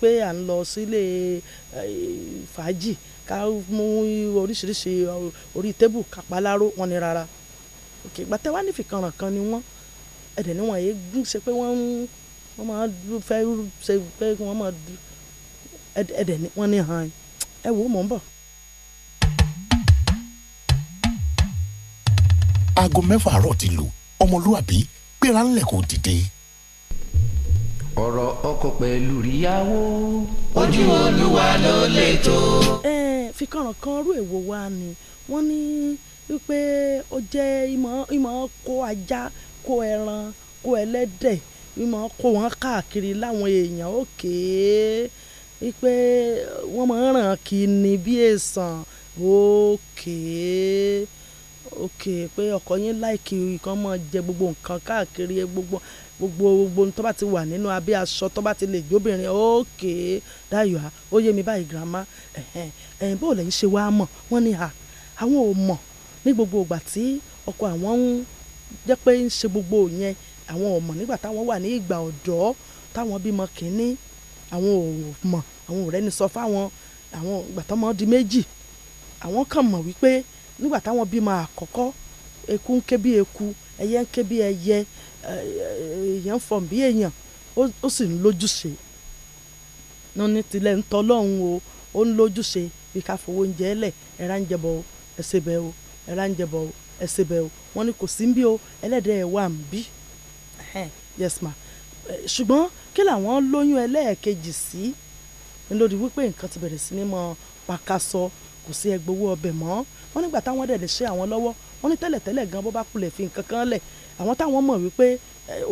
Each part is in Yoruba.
pé à ń lọ sílé fàájì ká mú oríṣiríṣi orí tébù kápáláró wọn ni rárá òkè gbàtẹ́ wá nífìkanràn kan ni wọ́n ẹ̀dẹ̀ ni wọ́n yé gún ṣe pé wọ́n wọ́n máa fẹ́ ṣe pé wọ́n máa ẹ̀dẹ̀ ni wọ́n ní hàn ẹ wò ó mò ń bọ̀. aago mẹ́fà àárọ̀ ti lù ọmọlúwàbí gbéra ńlẹ̀ kò dìde. ọ̀rọ̀ ọkọ pẹ̀lú ìyàwó. ojú olúwa ló lè tó. ẹ fi kànràn kan rú èwo wa ni wọn ní wípé ó jẹ ìmọ̀ kó ajá kó ẹran kó ẹlẹ́dẹ̀ ìmọ̀ kó wọn káàkiri láwọn èèyàn òkè wípé wọn máa ń ràn kí ni bí èsàn òkè òkè pé ọkọ yín láìkì ìkan máa jẹ gbogbo nǹkan káàkiri gbogbo gbogbo gbogbo tó bá ti wà nínú abẹ́ aṣọ tó bá ti lè jóbìnrin ókè Dayọ̀ ó yé mi báyìí girama ẹ̀hẹ̀n ẹ̀hìn bó lẹ́yìn ṣe wá mọ̀ wọ́n ní à àwọn ò mọ̀ ní gbogbo ìgbà tí ọkọ àwọn ń jẹ́ pé ń ṣe gbogbo yẹn àwọn ò mọ̀ nígbà táwọn wà ní ìgbà ọ̀dọ́ táwọn bímọ kínní àwọn ò mọ̀ àwọn ò rẹ́ni sọ fáwọn àwọn ìgbà tọ́mọ di méjì àwọn kàn mọ̀ wípé nígbà táwọn bímọ àkọ́kọ́ eku ń ké bí eku ẹyẹ ń ké bí ẹyẹ èèyàn fọ̀n bí èèyàn ó sì ń lójúṣe wọn ní tilẹ̀ ń tọ́ o ó ń lójúṣe bí ká fowó oúnjẹ ẹlẹ̀ ẹ̀rá ń jẹbọ o ẹ̀sẹ̀ o ẹ̀rá ń jẹbọ o ẹ̀sẹ̀ o wọn ní kò sí ń bí o ẹlẹ́dẹ̀ ẹ̀ wà ń bí yes ma ṣùgbọ́n kí làwọn lóyún ẹlẹ́ẹ̀kejì sí ni lórí wípé nǹkan ti bẹ̀rẹ̀ sí ní mọ pàkàṣọ kò sí ẹgbẹ́ owó ọbẹ̀ mọ́ wọ́n nígbà táwọn dẹ̀ lè ṣe àwọn lọ́wọ́ wọ́n ní tẹ́lẹ̀tẹ́lẹ̀ gan bó bá kulẹ̀ fi nǹkan kan lẹ̀ àwọn táwọn mọ̀ wípé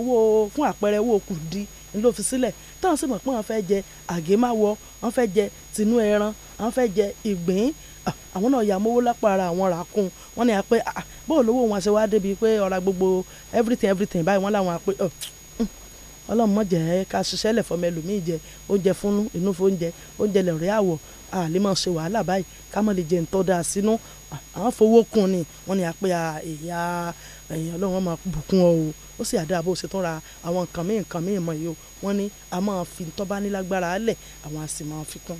owó fún àpẹẹrẹ owó kù di ló fi sílẹ̀ táwọn sì mọ̀ pé wọ́n fẹ́ jẹ àgémáwọ̀ wọ́n fẹ́ jẹ tinú ẹran wọ́n fẹ́ jẹ ìgbín àwọn náà yà mówó lápá ara àwọn rà kún wọ́n ní àpé bóòlówó wọn ṣe wá débi pé ọ̀rá gbogbo everything everything báyìí wọ́n láwọn àpé ọlọ́run má jẹ́ ká ṣiṣẹ́ lẹ̀ fọmọ ẹlòmíì jẹ oúnjẹ fúnnú inú fóúnjẹ oúnjẹ lẹ̀rẹ́ àwọ̀ a lè máa ṣe wàhálà báyìí ká má lè jẹ ntọ́ da sínú àwọn fowó kun ni wọ́n ní apẹ́ ẹ̀yà ẹ̀yìn ọlọ́run máa bùkún ọ o ó sì àdá bó ṣe tún ra àwọn nǹkan míì nǹkan míì mọ̀ yìí o wọ́n ní a máa fi ntọ́ bá nílágbára lẹ̀ àwọn a sì máa fi kún.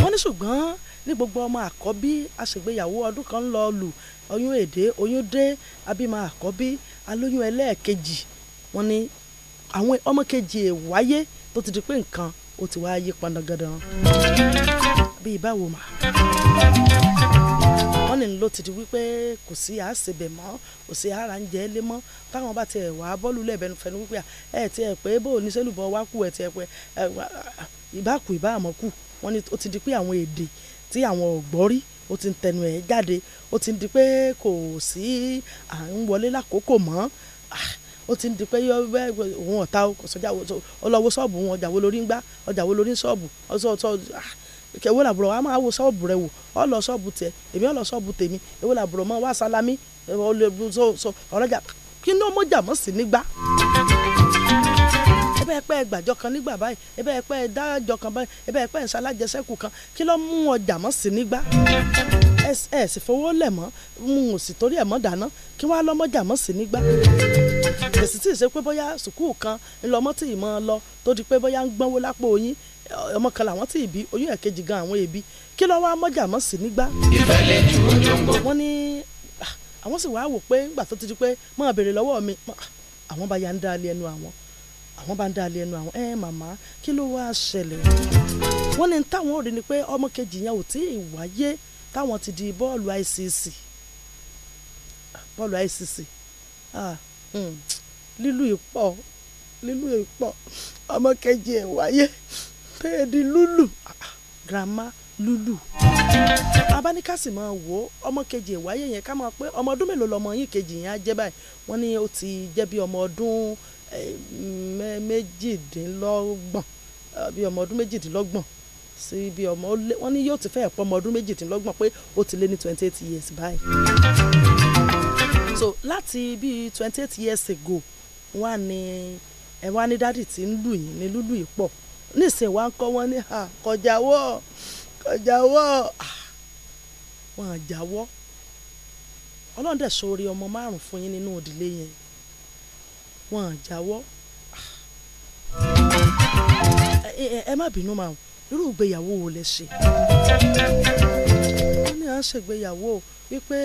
wọ́n ní ṣùgbọ́n ní gbogbo ọmọ àkọ́bí àṣègbéyàwó ọdún kan ń lọ lù oyún èdè oyún dé abímọ àkọ́bí alóyún ẹlẹ́ẹ̀kejì wọ́n ní àwọn ọmọ kejì ẹ̀ wáyé tó ti di pé nǹkan ó ti wáá yí pandangandan bíi báwo mà wọ́n ní ló ti di wípé kò sí àṣebẹ̀ mọ́ kò sí ara ń jẹ́ lé mọ́ táwọn bá tiẹ̀ wá bọ́ọ̀lù lẹ́ẹ̀bẹ̀nu fẹ́nu wípé ẹ̀ tiẹ̀ pé bó o ní sẹ́lùbọ̀ wá kú ẹ̀ tiẹ̀ pé ìbákù ìbáàmọ́ kù wọ́n ní ó ti di pé àwọn èdè tí àwọn ọ̀gbọ́rí ó ti ń tẹnu ẹ̀ jáde ó ti di pé kò sí à ń wọlé lákòókò mọ́ ah, ó ti ń di pé òun ọ̀tá ọ̀sọ̀jà ọlọ́wọ́ ṣọ́ọ̀bù wọn ọjà wo lórí ń gbá ọjà wo lórí ń ṣọ́ọ̀bù ọ̀sọ̀ọ̀tọ̀ èwo ah, làbúrò wa máa wo ṣọ́ọ̀bù rẹ wò ọ lọ ṣọ́ọ̀bù tẹ èmi ọ lọ ṣọ́ọ̀bù tèmi èwo làbúrò mọ́ wá sálámí ọlọ́jà kí ni ó mọ̀jà mọ́ sí nígbà ẹbẹ́ ẹ̀pẹ́ ẹgbàjọ kan nígbà báyìí ẹbẹ́ ẹ̀pẹ́ ẹdájọ kan báyìí ẹbẹ́ ẹ̀pẹ́ ẹ̀sálàjẹsẹ́kù kan kí ló mú ọjà mọ́ sí nígbà ẹ sì fowó lẹ̀ mọ́ n ò sì torí ẹ̀ mọ́ dáná kí wọ́n á lọ́mọ́jà mọ́ sí nígbà èsì tí ì ṣe pé bóyá sùkúù kan ńlọmọ́ tí ì mọ́ ọ lọ tó di pé bóyá ń gbọ́nwó lápò oyin ọmọ kan làwọn tí ì bí oyún ẹ̀kejì gan àwọn èbí kí ló wá mọ́jà mọ́ sí nígbà. ìfẹ́lẹ́ ju ojú ń bọ̀. wọ́n ní ah, àwọn sì wá wò pé ńgbà tó ti di pé máa béèrè lọ́wọ́ mi ah, àwọn bá ya ń dá ilé ẹnu àwọn àwọn bá ń dá lẹ́nu àwọn ẹ màmá kí ló wá ṣẹlẹ̀ wọ́n ní táwọn ò ni pé ọmọ kejì yẹn ò tí ì wáyé táwọn ti di bọ́ọ̀lù ICC bọ́ọ̀lù ICC hmm, lílù ìpọ̀ lílù ìpọ̀ ọmọ kejì ẹ̀ wáyé péèdì lúlù grandma lúlù abánikásì máa wò ó ọmọ kejì ẹ̀ yẹn ká máa pé ọmọ ọdún mélòó lọmọ yín kejì yẹn á jẹ́ báyìí wọ́n ní ó ti jẹ́ bí ọmọ ọdún méjìdínlọ́gbọ̀n eh, bí ọmọ ọdún méjìdínlọ́gbọ̀n sí bí ọmọ wọn ní yóò ti fẹ́ pọ̀ ọmọ ọdún méjìdínlọ́gbọ̀n pé ó ti lé ní twenty eight years báyìí. so láti bíi twenty eight years ago wà ní ẹ wá ní dádì tí ń lù yín ní lúlù yìí pọ̀ nísìnyí wá ń kọ́ wọn ní kọjáwọ́ kọjáwọ́ ah, wọn àjáwọ́ ọlọ́run dẹ̀ sọ orí ọmọ márùn-ún fún yín nínú òdìlé yẹn wọn à jáwọ́. Ah. ẹ má bínú màá irú ìgbéyàwó wo lẹ ṣe. wọ́n ní à ń ṣègbéyàwó wípé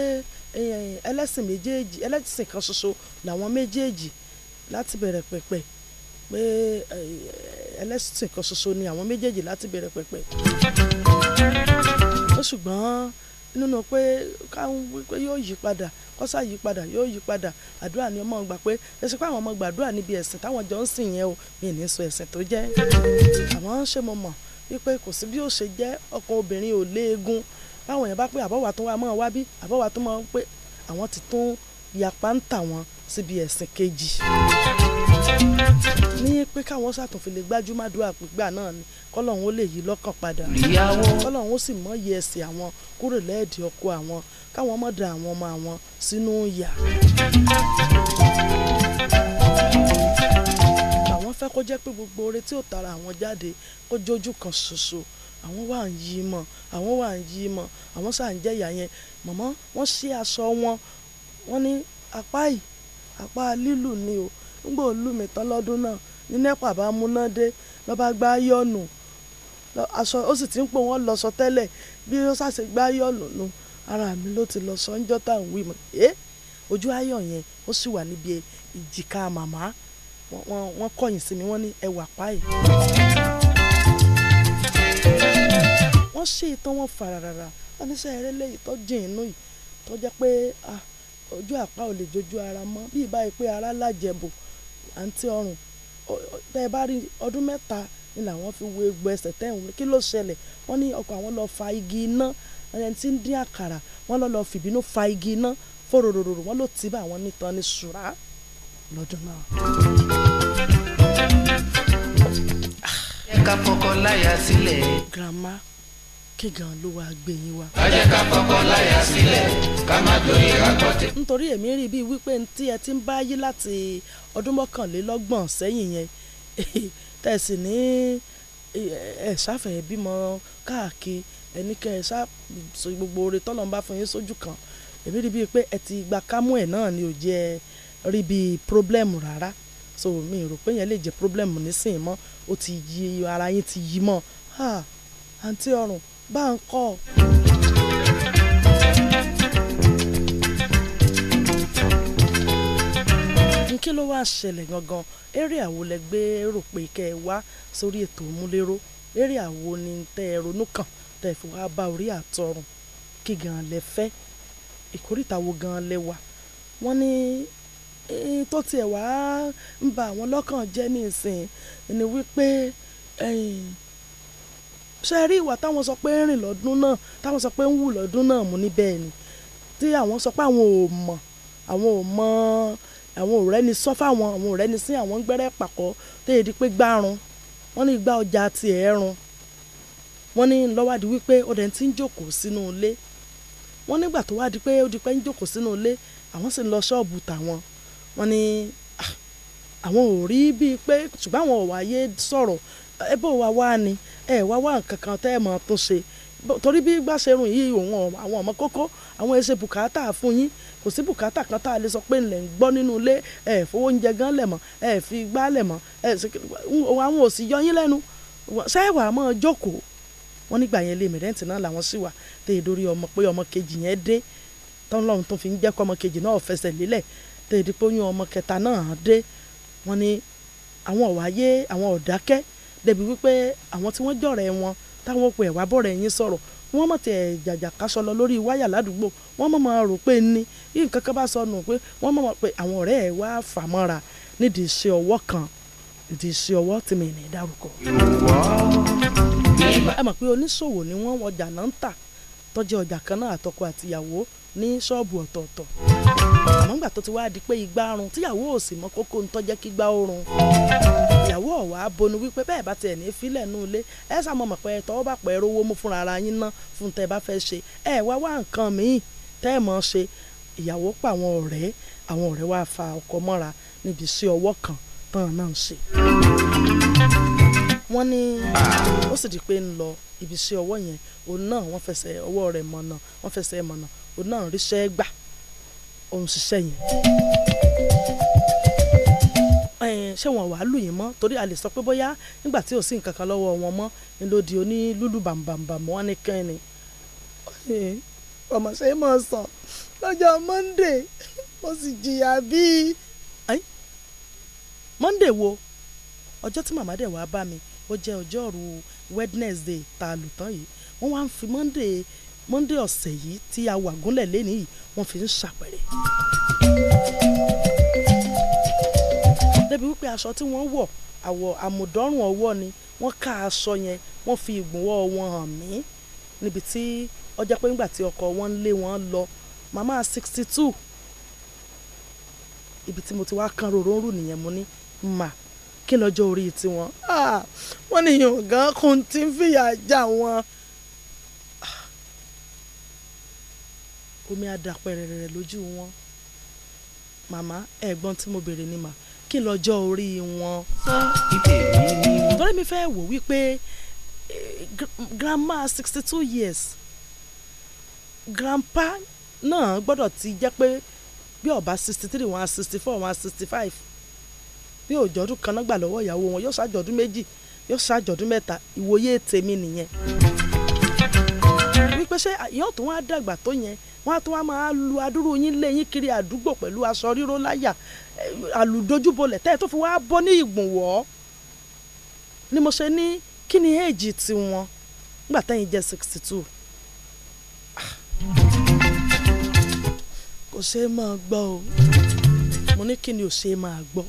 ẹlẹ́sìn méjèèjì ẹlẹ́sìn kan ṣoṣo làwọn méjèèjì láti bẹ̀rẹ̀ pẹ̀pẹ̀ pé ẹlẹ́sìn kan ṣoṣo ni àwọn méjèèjì láti bẹ̀rẹ̀ pẹ̀pẹ̀. ó ṣùgbọ́n nínú pé káwọn yóò yí padà kọ́sà yí padà yóò yí padà àdúrà ni ọmọ gbà pé ẹ pé àwọn ọmọ gbàdúrà níbi ẹ̀sìn táwọn jọ ń sìn yẹn o mi ní sọ ẹ̀sìn tó jẹ́ àmọ́ ṣé mo mọ̀ wípé kò sí bí ó ṣe jẹ́ ọkàn obìnrin ò léegun báwọn yẹn bá pé àbọ̀wà tó wà mọ́ wá bí àbọ̀wà tó mọ́ pé àwọn ti tún yapa ń tà wọ́n síbi ẹ̀sìn kejì ní pé káwọn ṣàtúnfi lè gbájúmọ́ àdúrà gbígbà náà ni kọ́lọ́hún ó lè yí lọ́kàn padà kọ́lọ́hún ó sì mọ iye àwọn kúrò lẹ́ẹ̀dì ọkọ àwọn káwọn má àwọn ọmọ àwọn sínú ìyà. àwọn fẹ́ kó jẹ́ pé gbogbo oore tí ò tara àwọn jáde kó jójú kan ṣoṣo àwọn wà ń yí mọ àwọn wà ń yí mọ àwọn sà ń jẹyà yẹn mọ̀mọ́ wọ́n ṣí aṣọ wọn wọ́n ní apá yìí apá lílù ni o ńgbò lù mí tán lọ́dún náà ní nẹ́pà bá múná dé lọ́ bá gbá yọ̀nù aṣọ ó sì ti ń pò wọ́n lọ́sọ tẹ́lẹ̀ bí ó ṣàṣe gbá yọ̀nù nu ara mi ló ti lọ sọ ńjọ́ tá à ń wí mọ́ ẹ́ ojú ayọ̀ yẹn ó sì wà níbi ìjìká màmá wọ́n kọ̀yìn sí mi wọ́n ní ẹwà páì. wọ́n ṣe ìtàn wọn fàràràrà wọ́n ní sẹ́yìn rẹ́ lẹ́yìn tó jìn inú yìí tó jẹ́ pé ah, ojú àpá ò lè jojú ara mọ́ bí ìbáyìí pé ara lájẹ̀bù àǹtí ọrùn tẹ́ bá rí ọdún mẹ́ta ni làwọn fi wo egbò ẹsẹ̀ tẹ́hùn kí ló ṣẹlẹ̀ wọ́n ní ọkọ àwọn lọ fa igi iná ẹni tí ń dín àkàrà wọ́n lọ lọ fìbínú fa igi iná fòròròrò wọ́n ló ti bá àwọn nítan ní ṣùrà lọ́dún náà. ẹ ká fọkọ láyà sílẹ̀. grandma kí gan ló wáá gbé yín wá. ká jẹ́ ká kọ́kọ́ láyà sílẹ̀ ká má joyè akọ́tẹ̀. nítorí èmi rí bíi wípé tí ẹ ti ń bá láti ọdún mọ́kànlélọ́gbọ̀n sẹ́yìn yẹn tẹ̀sí ní ẹ ṣàfẹ́ bímọ káàkiri ẹni kẹ ẹ ṣàṣọ gbogbo oore tọ́lọ̀ bá fún yín sójú kan èmi rí bíi pé ẹ ti gba kámú ẹ̀ náà ni ò jẹ́ rí bíi pírọ́blẹ́mù rárá so mi rò pé yẹn lè jẹ́ pírọ́blẹ́mù nísìnyí mọ́ ó ti yí ara yín ti yí mọ́ àǹtí ọ̀run bá ń kọ́ ọ. kí ló wáá ṣẹlẹ̀ gangan eré àwo lẹ gbé rò pé kẹ ẹ wá sórí ètò múléró eré àwo ni tẹ ẹ ronú kàn tẹ ẹ fi bá orí àtọrùn kí gan lẹ fẹ́ ìkórìtà wo gan lẹ wà wọ́n ní tó tiẹ̀ wá ń ba àwọn lọ́kàn jẹ́ ní ìsìn ni wípé ṣe rí ìwà táwọn sọ pé ń rìn lọ́dún náà táwọn sọ pé ń wù lọ́dún náà mú ní bẹ́ẹ̀ ni tí àwọn sọ pé àwọn ò mọ̀ àwọn ò mọ̀ àwọn ò rẹ́ni sọ fáwọn àwọn ò rẹ́ni sí àwọn ń gbẹ́rẹ́ pàkọ́ téyè di pé gbárùn wọ́n ní gba ọjà ti ẹ̀ẹ́rùn wọ́n ní lọ́wádìí wípé ó dẹ̀ ti ń jókòó sínú ilé wọ́n nígbà tó wá di pé ó di pé ń jókòó sínú ilé àwọn sì ń lọ ṣọ́ọ̀bù tàwọn wọ́n ní ah, àwọn ò rí bíi pé ṣùgbọ́n àwọn ò wáyé sọ̀rọ̀ ẹ bó wa wá ni ẹ wá wá nǹkan kan tẹ́ ẹ mọ̀ tó ṣe torí bí gbà ṣe rùn yìí òun àwọn ọmọ kókó àwọn ẹsẹ bùkátà fún yín kò sí bùkátà kan tá a lè sọ pé ńlẹ̀ ń gbọ́ nínú ilé ẹ fowó oúnjẹ gan lẹ̀ mọ́ ẹ fi gbá lẹ̀ mọ́ ẹ àwọn òsì yọ yín lẹ́nu ṣẹ́wà mọ́ jókòó wọ́n nígbà yẹn lé mìrẹ́ǹtì náà làwọn sì wà tẹ́ ẹ dórí ọmọ pé ọmọ kejì yẹn dé tán lọ́run tó fi ń jẹ́ kọ́ ọmọ kejì náà fẹsẹ̀ lélẹ̀ tẹ́ ẹ dípò yún ọmọ kẹta náà dé wọ́n ní àwọn ọ̀wáyé àwọn ọ̀dákẹ́ débi wípé àwọn tí wọ́n jọ̀rẹ́ wọn táwọn òpè ẹ̀wà bọ̀rẹ̀ yín sọ̀rọ̀ wọ́n mọ̀ tẹ̀ jàjà kaṣọ lọ lórí wáyà ládùúgbò wọ́n mọ̀ mọ̀ rò pé ní yìí nǹkan kan bá sọnù pé wọ́n mọ̀ mọ̀ pé àwọn ọ̀rẹ́ ẹ̀ wá fà nídìí iṣẹ́ ọwọ́ kan ìdí iṣẹ́ ọwọ́ tí mi ní dárúkọ. ẹ mọ̀ pé oníṣòwò ni wọ́n ọjà náà ń tà tọ́jú ọjà kan náà àtọkọ àtìyàwó ní ṣọ́ọ̀bù ọ̀tọ̀ọ̀tọ̀ àmọ́ ńgbà tó ti wá di pé igbá arun tíyàwó ò sì mọ kókó ń tọ́jẹ́ kígbá oorun ìyàwó ọ̀wá bonu wípé bẹ́ẹ̀ bá tiẹ̀ ní filẹ̀ nù ilé ẹ sàmọ̀ mọ̀ pé tọ́wọ́ bá pẹ́ rówó mú fúnra ara yín ná fún tẹ́ bá fẹ́ ṣe ẹ wá wá nǹkan míì tẹ́ ẹ̀ mọ̀ ṣe ìyàwó pa àwọn ọ̀rẹ́ àwọn ọ̀rẹ́ wá fa ọkọ mọ́ra níbi sí ọwọ́ kan tán náà ṣe. wọ́n ní ó sì di pé ń lọ ibi sí ọwọ́ yẹn òun náà wọ́n fẹsẹ̀ ọwọ́ rẹ̀ mọ̀nà wọ́n fẹsẹ̀ mọ̀nà òun náà ríṣẹ́ gbà òun ṣiṣẹ́ yẹn ṣé wọn wàá lù yín mọ́ torí a lè sọ pé bóyá nígbà tí ò sí nǹkan kan lọ́wọ́ wọn mọ́ ni ló di oní lúlù bàmùbàmù wọn ní kẹ́ni. ọmọ ṣe é mọ̀ sàn lọ́jọ́ Monday mo sì jìyà bíi. Monday wo ọjọ́ tí màmá dẹ̀ wá bá mi ó jẹ́ ọjọ́rú Wednesday tá lù tán yìí wọ́n wá ń fi Monday Monday ọ̀sẹ̀ yìí tí a wà gúnlẹ̀ lẹ́nìí yìí wọ́n fi ń ṣàpẹẹrẹ débi wípé aṣọ tí wọ́n wọ̀ àwọ̀ àmùdọ́rùn ọwọ́ ni wọ́n ká aṣọ yẹn wọ́n fi ìgbọ̀nwọ́ wọn hàn mí níbi tí ọjọ́ pé ńgbà tí ọkọ wọn lé wọn lọ màmá sixty two ibi tí mo ti wá kan rorò ń nìyẹn mo ní mà kí lọ́jọ́ orí tiwọn ah, wọ́n ní yọ̀ǹgàn kò tí ń fìyà já wọn. Ah, omi àdàpẹ̀rẹ̀rẹ̀ lójú wọn màmá ẹ̀gbọ́n tí mo béèrè ni mà kí n lọ́jọ́ orí wọn. torí mi fẹ́ wò wípé eh, grandma sixty two years grandpa náà gbọ́dọ̀ ti jẹ́ pé bí ọba sixty three wọn sixty four wọn sixty five bí òjọ̀dún kan náà gbà lọ́wọ́ ìyàwó wọn yóò ṣàjọ̀dún méjì yóò ṣàjọ̀dún mẹ́ta ìwòye tèmi nìyẹn ṣé yóò tún wá dàgbà tó yẹn wọ́n á tún wá máa lu adúrú yín lé yín kiri àdúgbò pẹ̀lú aṣọ ríró láyà eh, àlùdójúbolẹ̀ tẹ́ ẹ tó fi wá bọ́ ní ìgbùnwọ́ ni mo ṣe ní kí ni éèjì tiwọn nígbà tẹ́yìn jẹ́ sixty two. Ah. kò ṣeé máa gbọ́ o mo ní kí ni ò ṣeé máa gbọ́.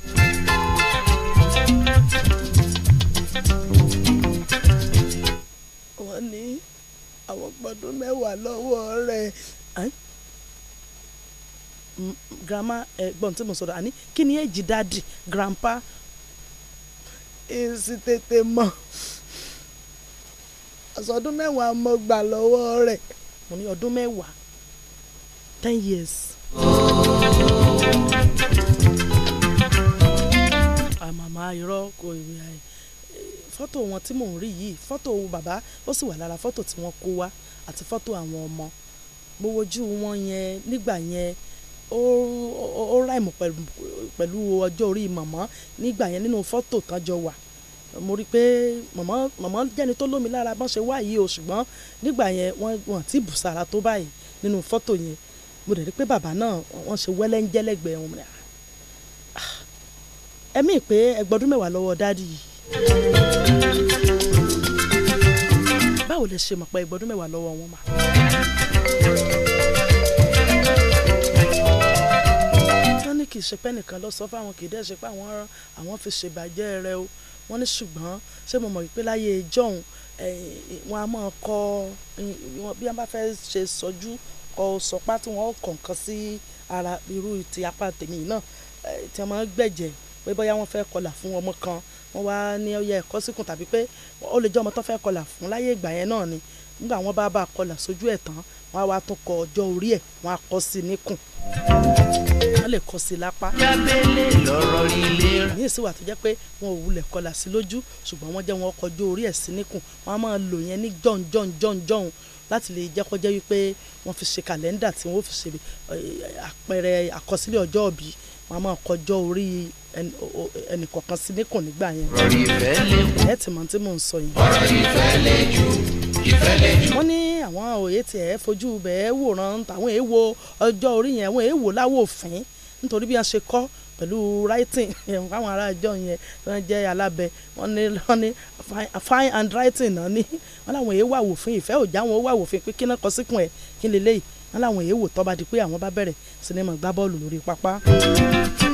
wọ́n ní àwọn ọgbọ́dún mẹ́wàá lọ́wọ́ rẹ̀ grandma ẹ̀gbọ́n tí mo sọ̀rọ̀ àní kí ni èjì dáàdì grandpa èsì tètè mọ̀ àsọdún mẹ́wàá mo gbà lọ́wọ́ rẹ̀ mo ní ọdún mẹ́wàá ten years. àmàmà ah, irọ́ kò ìwé ayé fọ́tò wọn tí mò ń rí yìí fọ́tò bàbá ó sì wà lára fọ́tò tí wọ́n kó wá àti fọ́tò àwọn ọmọ mo wojú wọn yẹn nígbà yẹn ó ráìmù pẹ̀lú ọjọ́ orí màmá nígbà yẹn nínú fọ́tò kan jọ wà mo rí i pé màmá màmá jẹ́ni tó lómi lára bọ́n ṣe wá yìí o ṣùgbọ́n nígbà yẹn wọ́n wọ́n ti bù sára tó báyìí nínú fọ́tò yẹn mo dẹ̀ rí i pé bàbá náà wọ́n ṣe wẹ́lẹ́ ń jẹ́lẹ́gbẹ̀ẹ́ wọn ah, ẹ̀mí pé ẹgbọ́dún mẹ́wàá lọ́wọ́ dádì yìí báwo lè ṣe mọ̀ pé ìgbọ́dún mẹ́wàá lọ́wọ́ wọn mà. wọ́n ní kì í ṣe pé nìkan lọ sọ fáwọn kì í dẹ́ ṣe pé àwọn àwọn fi ṣèbàjẹ́ rẹ o wọ́n ní ṣùgbọ́n ṣé mo mọ̀ pé láyé ìjọ́hun eh, wọn a máa kọ bí wọ́n bá fẹ́ ṣe sọjú kọ sọpá tí wọ́n kọ̀ọ̀kan sí ara irú ti apá tèmi náà eh, tí wọ́n máa ń gbẹ̀jẹ̀ pé bóyá wọ́n fẹ́ kọlà fún ọmọ kan wọ́n wá ní ọyẹ ẹ̀kọ́ síkùn tàbí pé ó lè jẹ́ ọmọ tó fẹ́ kọlà fún láyé ìgbà yẹn náà ni nígbà wọ́n bá bá kọlà sójú ẹ̀ tán wọ́n á wá tún kọ ọjọ́ orí ẹ̀ wọ́n á kọ sí níkùn wọ́n lè kọ sí lápá. jábẹ́lẹ̀ lọ́rọ̀ ilé. ní èsì wà tó jẹ́ pé wọn ò wulẹ̀ kọlà sí lójú ṣùgbọ́n wọ́n jẹ́ wọn kọjú orí ẹ̀ sí níkùn wọ́n á máa lò yẹn ní jọ̀ǹjọ̀ǹjọ̀ǹjọ̀ǹ láti lè jẹ́ kó jẹ́ wípé wọ́n fi ṣe kàlẹ́ndà tí wọ́n fi ṣe eh, àpẹẹrẹ àkọsílẹ̀ ọjọ́ òbí wọn a máa kọjọ́ orí ẹnìkọ̀ọ̀kan sí níkùn nígbà yẹn. ẹ ti mọ̀ tí mò ń sọ yìí. wọ́n ní àwọn òye tí fojú bẹ́ẹ̀ wòran àwọn èèwò ọjọ́ orí yẹn àwọn èèwò láwọ̀ òfin nítorí bí wọ́n ṣe kọ́ pẹ̀lú writing fáwọn ará ìjọ yẹn tó ń jẹ́ alábẹ wọ́n ní wọ́n fine and náà ní wọ́n làwọn èyí wà ìfẹ́ òjá wọn ó wà pé kí kọ síkùn ẹ̀ kí n lè wọ́n làwọn èyí wò di pé àwọn bá bẹ̀rẹ̀ sinimá gbá bọ́ọ̀lù lórí pápá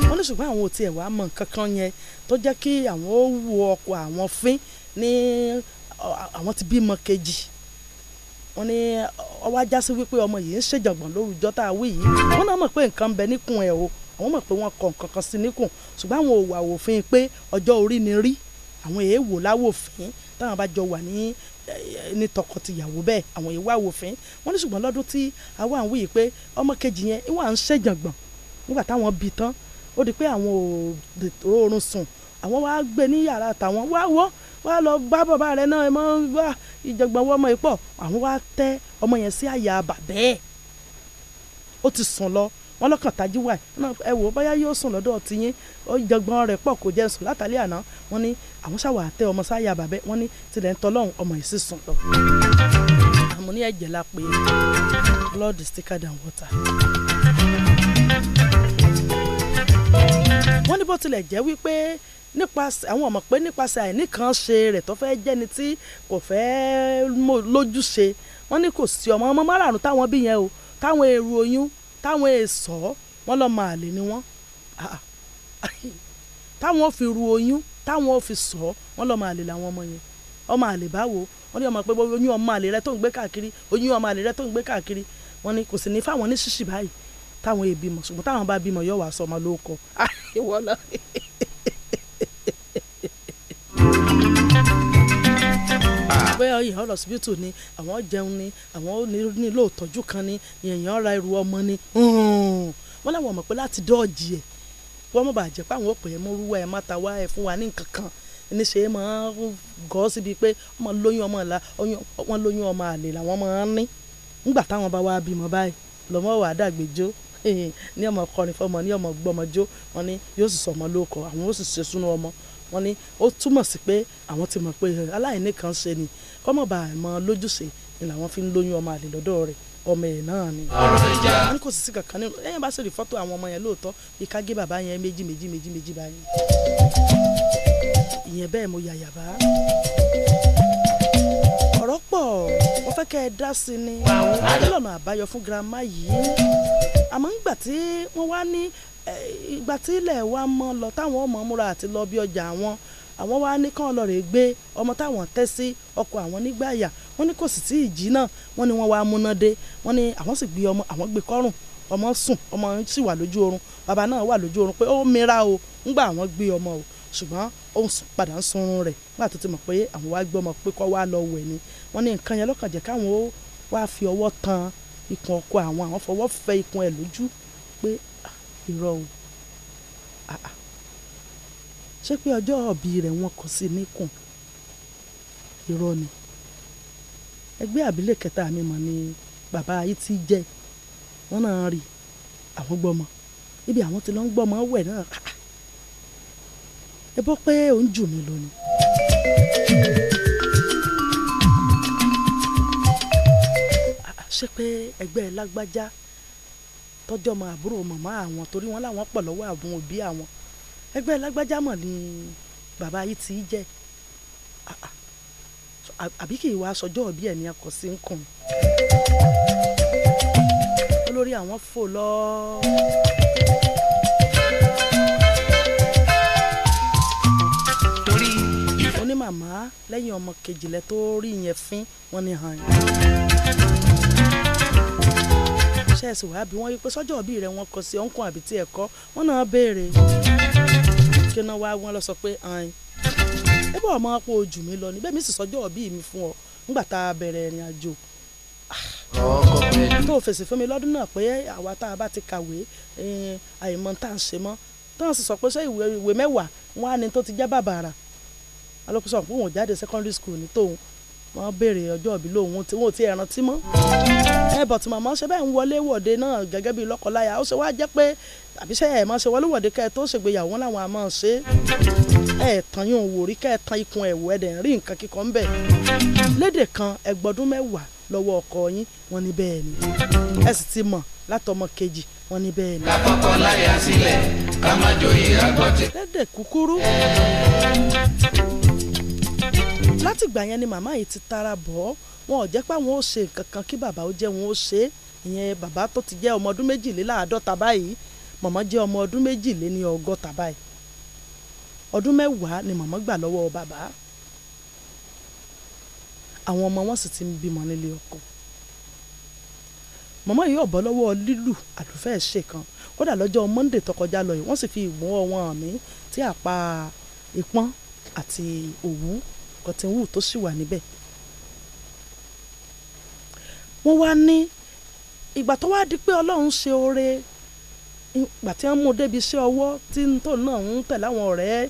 wọ́n ní ṣùgbọ́n àwọn ò tiẹ̀ wá mọ̀ nǹkan yẹn tó jẹ́ kí àwọn ó ọkọ̀ àwọn fín ní àwọn ti bímọ kejì wọ́n ní ọwọ́ ajá wípé ọmọ yìí ń ṣèjọ̀gbọ̀n lórúkọ tá a wí yìí wọ́n náà mọ̀ pé nǹkan ń bẹ níkùn ẹ̀ o àwọn mọ̀ pé wọ́n kọ nǹkan kan sí níkùn ṣùgbọ́n àwọn ò wà òfin pé ọjọ́ orí ni rí àwọn èèwò láwòfin táwọn bá jọ wà ní eh, ní tọkọtìyàwó bẹ́ẹ̀ àwọn èèwò àwòfin wọ́n ní ṣùgbọ́n lọ́dún tí àwa ń wí pé ọmọ kejì yẹn ìwà ń ṣèjàngbọ̀n nígbà táwọn bí tán ó di pé àwọn ò rọrùn sùn àwọn wàá gbé ní yàrá tàwọn wá wọ́ wá lọ bá bàbá rẹ náà ẹ mọ wá ìjàngbọ̀n wọ́n ọmọ ìpọ̀ àwọn wàá tẹ ọmọ yẹn sí àyà bàbẹ́ ẹ̀ ó ti sùn lọ wọn lọ́kàn tají wà ẹ wò ó yóò sùn lọ́dọ̀ tiyín ó jọgbọ́n rẹ̀ pọ̀ kò jẹ́ sùn látàlẹ́ àná wọn ni àwọn ṣàwà àtẹ ọmọ sáyà bàbẹ́ wọn ni tilẹ̀ ń tọ́lọ́hún ọmọ yìí sì sùn lọ. àmọ́ ní ẹ̀jẹ̀ la pé blood is thicker than water. wọ́n ní bó tilẹ̀ jẹ́ wípé nípasẹ̀ àwọn ọmọ pé nípasẹ̀ àìníkan ṣe rẹ̀ tó fẹ́ jẹ́ni tí kò fẹ́ lójúṣe wọ́n ní kò sí ọmọ ọmọ márààrún táwọn bí yẹn o táwọn èrò oyún táwọn èso wọn lọ́mọ àlè ni wọ́n ah, ah. táwọn fi ru oyún táwọn fi sọ wọn lọ́mọ àlè làwọn ọmọ yẹn ọmọ àlè báwo wọ́n ní ọmọ pé oyún ọmọ àlè rẹ tó ń gbé káàkiri oyún ọmọ àlè rẹ tó ń gbé káàkiri wọ́n ní kò sì ní fáwọn ní ṣíṣì báyìí táwọn èbímọ ṣùgbọ́n táwọn bá bímọ yóò wá sọ lóko ah, bóyá ìyá ọlọsibítù ni àwọn jẹun ni àwọn nílò ìtọ́jú kan ni èèyàn ra ẹrù ọmọ ni wọ́n láwọn mọ̀ pé láti dọ́ọ̀jì ẹ̀ wọ́n mọ̀ bàjẹ́ pé àwọn òpè ẹ̀ mú rúwa ẹ̀ má ta wá ẹ̀ fún wa ní nǹkan kan níṣẹ́ máa gọ́ síbi pé ọmọ lóyún ọmọ àlà wọ́n lóyún ọmọ àlè làwọn máa ń ní nígbà táwọn bá wá bímọ báyìí lọ́mọ wàá dàgbẹ́jọ́ ní ọmọ kọrin fọmọ ní ọmọ gbọmọjó wọn ni yóò sì sọ ọmọ lóko àwọn yóò sì ṣe súnú ọmọ wọ́n ní ó túmọ̀ sí pé àwọn ti mọ̀ pé aláìní kan ṣe ni kọ́mọ̀bà àmọ́ lójúṣe ni làwọn fi ń lóyún ọmọ àlè lọ́dọ̀ rẹ̀ ọmọ ẹ̀ náà ni. wọ́n ní kò sì sí kankan nínú ẹ̀yìn bá sì rí fọ́tò àwọn ọmọ yẹn lóòótọ́ ìka gé bàbá yẹn méjì méjì méjì méjì báyìí. ìyẹn bẹ́ẹ̀ mo yàyàbá. ọ̀rọ̀ pọ̀ wọ́n fẹ́ kẹ́ ẹ dá sí ni. adélọ́nà àbáyọ fún girama yìí. àmọ́ ńgbà tí wọ́n wá ní ìgbà tí ilẹ̀ wa mọ́ lọ táwọn ọmọ múra àti lọ bí ọjà àwọn àwọn wa ní kán lọ́ọ́ rè gbé ọmọ táwọn tẹ́ sí ọkọ̀ àwọn nígbàyà wọ́n ní kò sì tí ì jí náà wọ́n ní wọ́n wá múná dé wọ́n ní àwọn sì gbé ọmọ àwọn gbé kọ́rùn ọmọ sùn ọmọ sì wà lójú oorun bàbá náà wà lójú oorun pé ó mira o ńgbà àwọn gbé ọmọ o ṣùgbọ́n ó ń padà ń sunrun rẹ̀ nígbà tó ti mọ̀ pé àwọn wá gbé ọmọ pé kọ́ wá lọ wẹ̀ ni wọ́n ní nǹkan yẹn lọ́kàn jẹ́ káwọn ó wá fi ọwọ́ tan ikùn ọkọ àwọn àwọn fọwọ́ fẹ ikùn ẹ̀ lójú pé irọ́ o ah, ah. ṣé pé ọjọ́ ọ̀bí rẹ̀ wọ́n kò sí níkùn irọ́ ni ẹgbẹ́ àbílẹ̀ kẹta mi mọ̀ ni bàbá ayé ti jẹ́ wọ́n náà rí àwọn gbọ́mọ ibi àwọn ti lọ ń gbọ́mọ wẹ̀ náà ah, ẹ bọ́ pé ò ń jù mí lónìí. ṣé pé ẹgbẹ́ lágbájá. Ja tọ́jọ́ ọmọ àbúrò màmá àwọn torí wọ́n láwọn pọ̀ lọ́wọ́ àwọn òbí àwọn ẹgbẹ́ lágbájámọ̀ ni bàbá yìí ti jẹ́ àbí kì í wá aṣọjọ́ òbí ẹ̀ ní akọ̀ sí ń olórí àwọn fò lọ. oní lẹ́yìn ọmọ kejìlẹ́ tó rí yẹn fín wọ́n ní hàn yín ṣẹ́ẹ̀sì wàá bí wọ́n yí pé sọ́jọ́ òbí rẹ̀ wọ́n kọ sí ọ̀nkùn àbí tí ẹ̀ kọ́ wọ́n náà béèrè kí náà wá wọ́n lọ sọ pé ayin ẹ bọ́ ọmọ apò ojú mi lọ níbẹ̀ mi sì sọ́jọ́ òbí mi fún ọ nígbà tá a bẹ̀rẹ̀ ìrìn àjò tó o fèsì fún mi lọ́dún náà pé àwa tá a bá ti kàwé eh, àìmọ̀ tá à ń ṣe mọ́ tó ń sì sọ pé ṣé ìwé mẹ́wàá wọn á ní tó ti jẹ́ bàbàrà alókùsọ̀ pé òun jáde secondary school ní tòun wọ́n béèrè ọjọ́ ìbí lòun tí wọ́n ti ẹran tí mọ́ ẹ bọ̀ tí màmá ṣe bẹ́ẹ̀ ń wọlé wọ̀de náà gẹ́gẹ́ bí lọ́kọláya ó ṣe wá jẹ́ pé àbíṣẹ́ ẹ̀ máa ṣe wọlé wọ̀de kẹ́ ẹ tó ṣègbéyàwó wọn làwọn á máa ṣe ẹ tán yóò wò rí kẹ́ ẹ tán ikùn ẹ̀ wò ẹ̀ dẹ̀ ń rí nǹkan kíkọ́ ń bẹ̀ lédè kan ẹgbọ́dún mẹ́wàá lọ́wọ́ ọkọ yín wọ́n ní bẹ́ẹ̀ ni ẹ sì ti mọ̀ látọmọ kejì wọ́n ní bẹ́ẹ̀ ni. lákọ̀ọ́kọ́ láyà sílẹ̀ ká àgọ́tì. lédè kúkúrú Mm. látìgbà yẹn ni màmá yìí ti tara bọ̀ wọn ò jẹ́ pé àwọn ò ṣe nǹkan kí bàbá ó jẹ́ wọn ó ṣe ìyẹn bàbá tó ti jẹ́ ọmọ ọdún méjìléláàádọ́ta báyìí màmá jẹ́ ọmọ ọdún méjìléní ọgọ́ta báyìí ọdún mẹ́wàá ni màmá gbà lọ́wọ́ bàbá àwọn ọmọ wọn sì ti ń bímọ nílé ọkọ màmá yìí ọ̀bọ lọ́wọ́ lílù àlùfẹ́ ṣe kan kódà lọ́jọ́ Monday tó lọ yìí wọ́n sì fi ìgbọ́n wọn mí tí àpá ìpọ́n àti òwú cottonwool tó sì wà níbẹ̀ wọ́n wá ní ìgbà tó wá di pé ọlọ́run ṣe oore ìgbà tí wọ́n mú débi iṣẹ́ ọwọ́ tí tó náà ń tẹ̀lé àwọn ọ̀rẹ́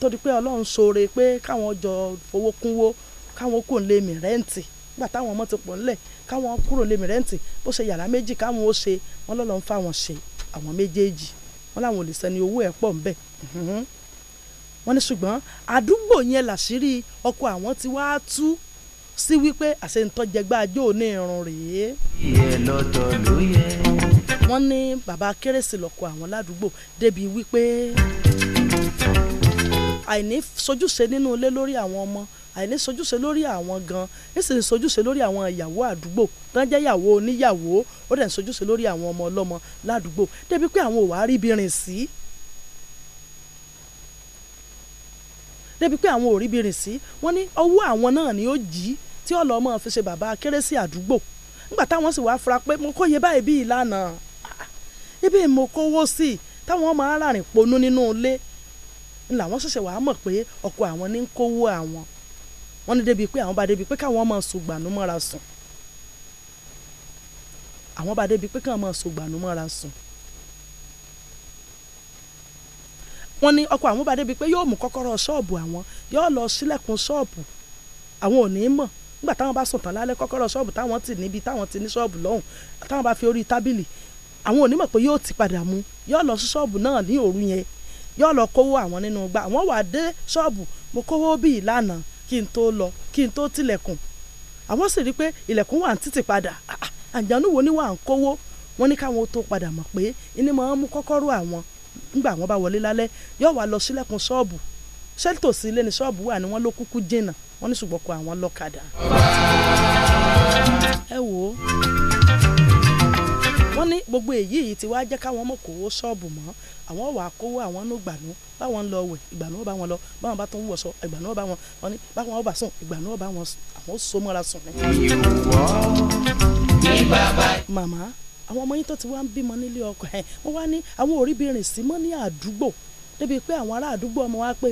tó di pé ọlọ́run ṣoore pé káwọn jọ fowó kúnwó káwọn kò lè mí rẹ́ǹtì nígbà táwọn ọmọ ti pọ̀ ńlẹ̀ káwọn kúrò lè mí rẹ́ǹtì bó ṣe yàrá méjì káwọn ó ṣe wọ́n lọ́lọ́ ń fáwọn ṣe àwọn méjèèjì wọ́n láwọn ò lè sẹ́ni owó ẹ̀ pọ̀ ńbẹ̀ wọ́n ní ṣùgbọ́n àdúgbò yẹn làṣírí ọkọ àwọn ti wá tú sí wípé àṣentọ́jẹgbá ajó ní irun rèé. ìyẹn lọ́tọ̀ ló yẹ. wọ́n ní bàbá kérésì lọ́kọ àwọn ládùúgbò débi wípé àìní sojúṣe nínú ilé lórí àwọn ọmọ àìní sojúṣe lórí àwọn gan ẹ sì ń sojúṣe lórí àwọn ìyàwó àdúgbò tọ́jà ìyàwó oníyàwó ó dẹ̀ ń sojúṣe lórí àwọn ọmọ ọlọ́mọ ládùúgbò débi pé àwọn ò wá rí ibi rìn sí. Si débi pé àwọn ò rí bìrìn sí wọ́n ní ọwọ́ àwọn náà ni ó jí tí ọ̀lọ́ ọmọ fi ṣe bàbá kérésì àdúgbò nígbà táwọn sì wáá fura pé mo kọ́ yẹ báyìí bí ìlànà ibi mo kówó sí táwọn máa rárìn ponú nínú ilé làwọn ṣẹ̀ṣẹ̀ wàá mọ̀ pé ọkọ àwọn ní ń kówó àwọn wọ́n ní débi pé àwọn bá débi pé káwọn máa sùgbànú mọ́ra sùn àwọn bá débi pé káwọn máa sùgbànú mọ́ra sùn wọ́n ní ọkọ àwọn bá débi pé yóò mú kọ́kọ́rọ́ ṣọ́ọ̀bù àwọn yóò lọ sílẹ̀kùn ṣọ́ọ̀bù àwọn ò ní mọ̀ nígbà táwọn bá sùn tán lálẹ́ kọ́kọ́rọ́ ṣọ́ọ̀bù táwọn ti níbi táwọn ti ní ṣọ́ọ̀bù lọ́hùn táwọn bá fi orí tábìlì àwọn ò ní mọ̀ pé yóò ti padà mu yóò lọ sí ṣọ́ọ̀bù náà ní òru yẹn yóò lọ kówó àwọn nínú gbà àwọn wà dé ṣọ́ọ̀bù mo kówó bí ìlànà kí n tó lọ kí n tó tilẹ̀kùn àwọn sì rí i pé ilẹ̀kùn wà ń títì padà àjànú wo ni wà ń kówó wọ́n ní káwọn tó padà mọ̀ pé ìní máa ń mú kọ́kọ́rọ́ àwọn ńgbà wọn bá wọlé lálẹ́ yóò wá lọ sílẹ̀kùn ṣọ́ọ̀bù ṣètòsí ilé ni ṣọ́ọ̀bù wà ní wọ́n ló kúkú jìnnà wọ́n ní ṣùgbọ́n kọ àwọn lọ́kadà. ẹ wò ó ní gbogbo èyí yìí ti wá jẹ́ káwọn mọ̀ kówó ṣọ́ọ̀bù mọ́ àwọn wàá kówó àwọn ní gbànú báwọn ń lọ wẹ̀ ìgbànú bá wọn lọ báwọn bá tún wúwọ̀ sọ ìgbànú bá wọn wọn ní báwọn bá sùn ìgbànú bá wọn àwọn ó so mọ́ra sùn ni àwọn ọmọ yín tó ti wá ń bímọ nílé ọkọ ẹ wọ́n wá ní àwọn òríbìnrin sí mọ́ ní àdúgbò débi pé àwọn ará àdúgbò ọmọ wa pé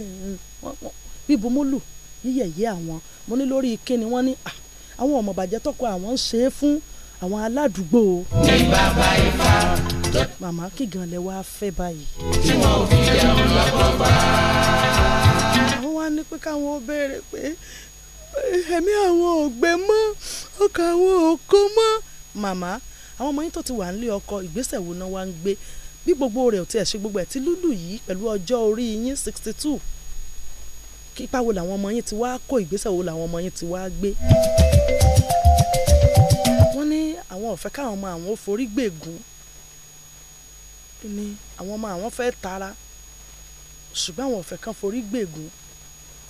bíbomólù yíyẹ̀yẹ́ àwọn mo ní lórí kíni wọ́n ní ah, àwọn ọmọ bàjẹ́ tọkọ àwọn ń ṣe é fún àwọn aládùúgbò. ní bàbá ifá. màmá kí gan lẹ wá fẹ́ báyìí. tí wọn ò fi jẹun lọ́kọ̀ bá. àwọn wá ní pé káwọn ó béèrè pé ẹ̀mí àwọn ò gbẹ mọ́ ọkàn àwọn ò kó mọ́ màmá àwọn ọmọ yín tó ti wà nílé ọkọ ìgbésẹ̀ wo náà wá ń gbé bí gbogbo rẹ̀ ò tiẹ̀ ṣe gbogbo ẹ̀ tí lúlù yìí pẹ̀lú ọjọ́ orí yín sixty two kípa wo làwọn ọmọ yín ti wá kó ìgbésẹ̀ wo làwọn ọmọ yín ti wá gbé. wọ́n ní àwọn ò fẹ́ káwọn ọmọ àwọn ò forí gbègùn ni àwọn ọmọ àwọn fẹ́ tara ṣùgbọ́n àwọn ò fẹ́ kán forí gbègùn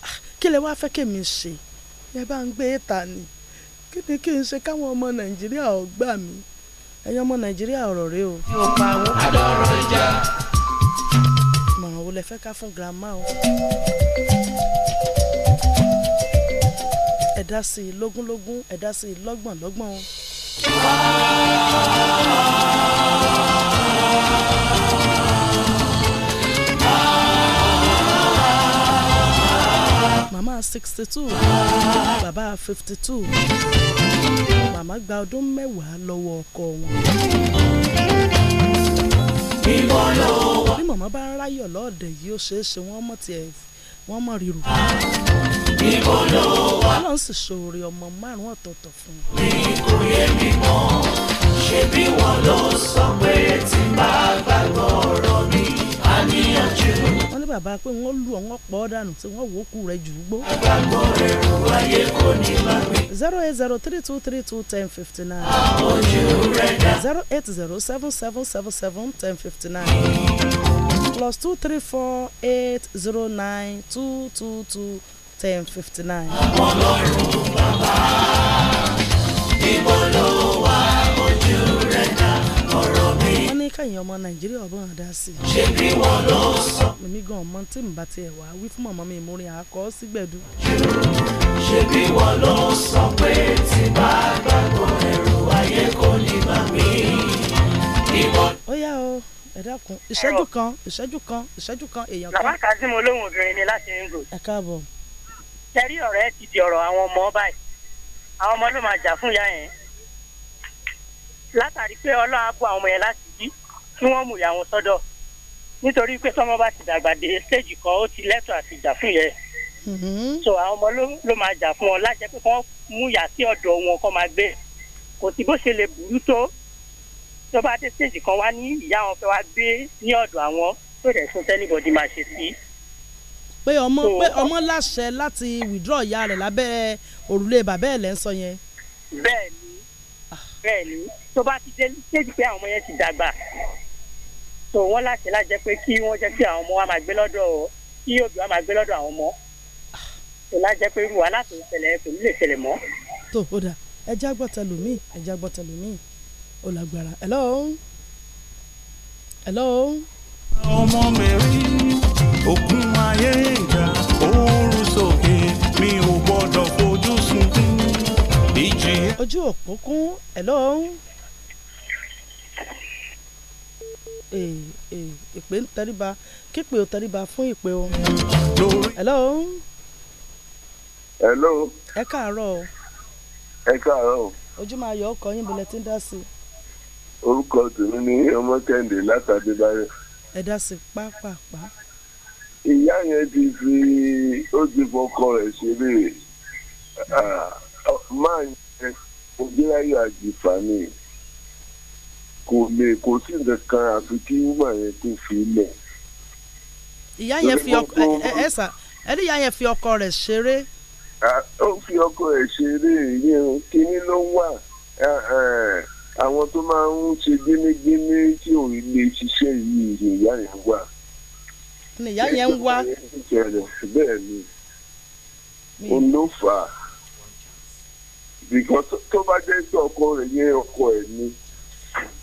ah, kí lẹ wá fẹ́ kèmí ṣe ẹ bá ń gbé e ta ni kí ni kí n ṣe káwọn ọmọ nàìjíríà ò gbà ẹ̀yin ọmọ nàìjíríà ọ̀rọ̀ rẹ o. yóò wo lẹ fẹ́ ká fún girama o. ẹ̀dá sí i lógúnlógún ẹ̀dá sí i lọ́gbọ̀n o. màmá sixty two bàbá fifty two. Màmá gba ọdún mẹ́wàá lọ́wọ́ ọkọ wọn. bí màmá bá ń ráyọ̀ lọ́ọ̀dẹ̀ yìí ó ṣeé ṣe wọ́n mọ̀ tiẹ̀ wọ́n mọ̀ ríru. Ọlọ́run sì ṣòro ọmọ márùn-ún ọ̀tọ̀ọ̀tọ̀ fún un. mi kò yé mi mọ́ ṣé bí wọ́n ló sọ pé tí n gbàgbọ́ ọ̀rọ̀ mi wọ́n ní bàbá pé wọ́n lu ọ̀wọ́n pọ̀ dànù tí wọ́n wò ó kú rẹ̀ jù ú gbó. àgbàgbọ́ èrò ayé kò ní má gbé. zero eight zero three two three two ten fifty nine. àwọn rẹ̀ dá. zero eight zero seven seven seven seven ten fifty nine plus two three four eight zero nine two two two ten fifty nine. àwọn ọlọ́run bàbá. kẹ́yìn ọmọ nàìjíríà ọ̀bọ̀n àdá sí. ṣé bí wọ́n ló sọ. èmi gan ọmọ tí mi bá tiẹ̀ wá wí fún màmá mi mo rin àkọ́ sígbẹ̀dú. ṣé bí wọ́n ló sọ pé tí bá gbàgbọ́ ẹrù ayé kò ní bá mi. ó yá o ẹ dákun ìṣẹ́jú kan ìṣẹ́jú kan ìṣẹ́jú kan èèyàn kan. bàbá kazeem olóhùn obìnrin ni láti ń gò. ẹ káàbọ̀. tẹ́rí ọ̀rẹ́ ti di ọ̀rọ̀ àwọn ọmọ báyìí àwọn ọmọ ló máa jà fún ìyá yẹn látàrí pé ọlọ́àbọ̀ àwọn ọmọ yẹn láti jí kí wọ́n mú ìyá wọn sọ́dọ̀ nítorí pé tọ́mọ bá ti dàgbà dé stage kan ó ti lẹ́tọ̀ọ́ àti ìjà fún yẹn mm-hmm. so àwọn ọmọ ló máa jà fún wọn lájẹ pé wọ́n mú ìyá sí ọ̀dọ̀ wọn kó máa gbé kò sí bó ṣe lè burú tó tó bá dé stage kan wá ní ìyá wọn fẹ́ wá gbé ní ọ̀dọ̀ àwọn tó rẹ̀ fún tẹ́nìbọ̀dì máa ṣe sí pé ọmọ pé ọmọ láṣẹ láti withdraw ìyá rẹ̀ lábẹ́ òrùlé bàbá ẹ̀ lẹ́ ń sọ yẹn. bẹ́ẹ̀ni ah. bẹ́ẹ̀ni tó bá ti dé stage pé àwọn ọmọ yẹn ti dàgbà so wọ́n láti lájẹ́ pé kí wọ́n jẹ́ kí àwọn ọmọ wa máa gbé lọ́dọ̀ kí òbí wa máa gbé lọ́dọ̀ àwọn ọmọ tó lájẹ́ pé irú wàhálà tó ń kò ní lè ṣẹlẹ̀ mọ́. tó o dà ẹja gbọ́tẹ lómi ẹja gbọ́tẹ lómi ò lágbára hello hello. ọmọ mi rí òkun ayé ìgbà oorun sókè mi ò gbọ́dọ̀ fojú sunkún ìjì. ojú òpó kún hello. hello? ìpè ń tẹríba kípè ó tẹríba fún ìpè o. hello. hello. ẹ káàárọ̀ o. ẹ káàárọ̀ o. ojú máa yọ ọkọ yín bọ̀lẹ̀ tí ń dá sí i. orúkọ tèmi ni ọmọ kẹ́hìndé látàdé báyọ̀. ẹ dá sí pápápá. ìyá yẹn ti fi ó ti fọkọ rẹ̀ ṣeré hmm. ah, máa ń jẹ ojúláyọ̀ àjìfà ni kò lè kò sí nǹkan kan àfi kí wúmà yẹn tó fi lẹ̀. ìyá yẹn fi ọkọ ẹ ẹ sà ẹni ìyá yẹn fi ọkọ rẹ̀ ṣeré. ó fi ọkọ rẹ̀ ṣeré yẹn kínní ló wà àwọn tó máa ń ṣe gbénégbéné tí òun lè ṣiṣẹ́ yìí ni ìyá yẹn wà. ni ìyá yẹn ń wá. bẹ́ẹ̀ ni òun ló fà á. bìkan tó bá jẹ́ pé ọkọ rẹ̀ yẹn ọkọ ẹ̀ ni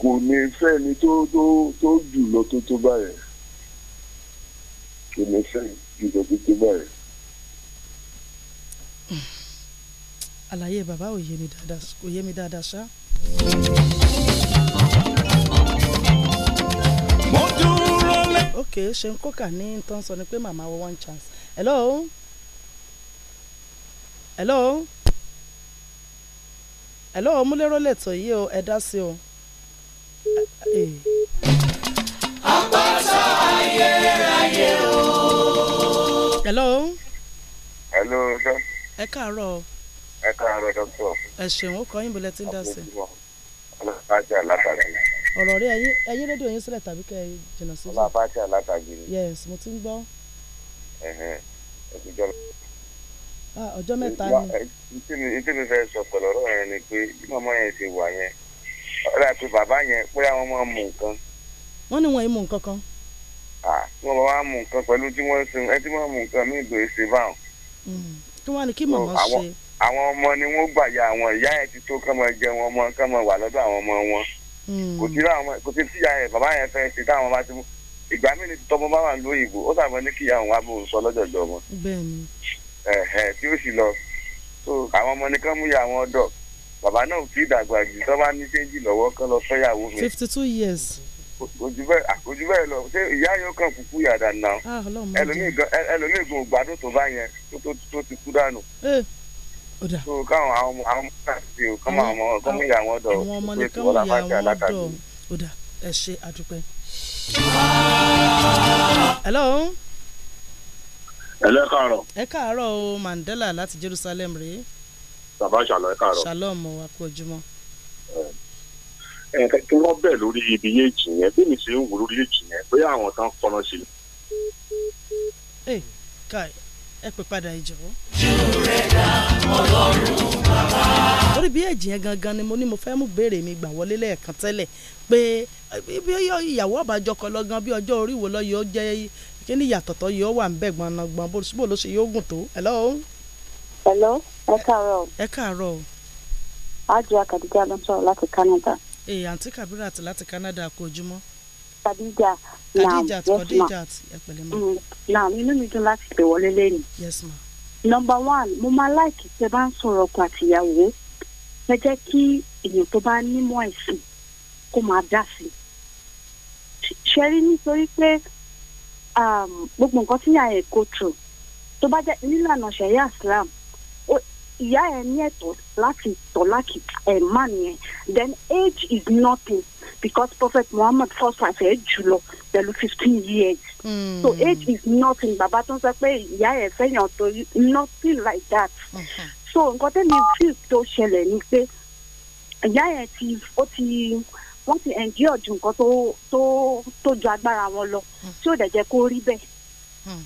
kò ní fẹ́ni tó tó tó jù lọ tó tó báyẹn kò ní fẹ́ni jù lọ tó tó báyẹn. àlàyé bàbá ò yé mi dáadáa kò yé mi dáadáa ṣá. mo dúró lé. kókà ní tán sọ ni pé màmá wọ one chance. hello. hello. hello múlẹ́rọ́ lẹ̀tọ̀ yìí o ẹ dá sí o apáṣọ ayérayé o. hello. hello sọ. ẹ káàárọ̀. ẹ káàárọ̀ dọ́kítọ̀. ẹ ṣeun ó kọ́ yín bó lẹ ti ń dá sí. ọlọ́pàá jẹ́ alábàárẹ̀ ọ̀rọ̀ rẹ ẹyin ẹyin rédíò yín sílẹ̀ tàbí kẹ́ ẹ jìnnà sí. ọlá abájá alábàájì ni. yes mo ti ń gbọ́. Ah, ọjọ́ mẹ́ta ni. ìtí mi fẹ́ sọ pẹ̀lú ọ̀rọ̀ yẹn ni pé bí màmá yẹn ti wà yẹn ọ̀rẹ́ àti bàbá yẹn pé àwọn ọmọ mú nǹkan. wọ́n ní wọn yìí mú nǹkan kan. tí wọ́n bá wá mú nǹkan pẹ̀lú tí wọ́n ń sin ẹ tí wọ́n mú nǹkan ní ìdò èsì báwọn. Hmm, kí wọ́n ní kí màmá ṣe. àwọn ọmọ ni wọ́n gbàyà àwọn ìyá ẹ̀ ti tó kọ́mọ jẹ wọn ọmọ kọ́mọ wà lọ́dọ̀ àwọn ọmọ wọn. Hmm. kò sí tíya ẹ̀ bàbá yẹn fẹ́ ṣe táwọn bá ti mú ìgbà mí ni tọmọ bá wà lóyìnbó ó sàbọ̀ ní kíyà òun abóhùn sọ lọ́jọ̀jọ̀ wọn. bẹ́ẹ̀ni. ẹ̀ẹ́ tí ó sì bàbá náà ti dàgbà jù tó bá ní séjì lọ́wọ́ kán lọ sọ́yàwó mi. fifty two years. ojú bẹ́ẹ̀ ojú bẹ́ẹ̀ lọ ṣé ìyá yóò kàn kúkú yàdà náà ah, ẹlòmíì gan gbádùn tó bá yẹn tó ti kú dànù. so káwọn àwọn ọmọ àwọn ọmọ náà ti o kọ́mọ àwọn ọmọ kọ́mọ ìyá wọn dọ̀ àwọn ọmọ ní kọ́mọ ìyá wọn dọ̀ ọ̀dà ẹ ṣe àdúpẹ́. hello. ẹ lẹ́ káàárọ̀. ẹ káàárọ̀ o Mandela láti Jerusalem rèé bàbá ṣàlọ́ ẹ káàárọ̀. ṣàlọ́ mo wà kú ojúmọ́. ẹ kí wọ́n bẹ̀ lórí ibi yéèjì yẹn bí mi ṣe ń wò lórí yéèjì yẹn bóyá àwọn kan kọ́nà sí. ẹ káì ẹ pè padà ìjọ̀wọ́. jùrẹ̀dá ọlọ́run bàbá. torí bí èjì yẹn gangan ni mo ní mo fẹ́ mú béèrè mi gbà wọlé lẹ́ẹ̀kan tẹ́lẹ̀ pé bí ìyàwó ọ̀bàjọkọ lọ́gán bí ọjọ́ orí wo lọ yóò jẹ́ kí ni ìyàtọ̀tọ̀ yóò wà ń bẹ̀ gbọ̀nàgbọ̀n bó ló ṣe yóò gùn tó. hello hello ẹ káàárọ̀. ẹ káàárọ̀ o. àjọ akadija ló ń sọ̀rọ̀ láti Canada. ee àǹtí Kabirat láti Canada kò ojúmọ́. Kadija naam yes ma Kadija ẹ pẹ̀lẹ́ ma. naam mm, inú mi dùn láti pè wọlé lẹ́nu. yes ma. Number one mo máa láìkì tẹ bá ń sọ̀rọ̀ ọkọ àtìyàwó ẹ jẹ́ kí èèyàn tó bá nímọ̀ ẹ̀sìn kó máa dá sí i. ṣe rí nítorí pé um, gbogbo nǹkan tí yàrá ẹ̀ kò tù tó bá jẹ́ nílànà ṣẹ̀yà Islam ìyá ẹ ní ẹ̀tọ́ láti tọ̀ láti ẹ̀ má nìyẹn then age is nothing because prophet muhammad first wife ẹ jùlọ pẹ̀lú fifteen years mm. so age is nothing bàbá tó ń sọ pé ìyá ẹ fẹ́yàn tó nothing like that okay. Uh-huh. so nǹkan tẹ́mi fíìl tó ṣẹlẹ̀ ni pé ìyá ẹ ti ó ti wọ́n ti endure ju nǹkan tó tó tó ju agbára wọn lọ hmm. tí ó dẹ̀ jẹ́ kó rí bẹ́ẹ̀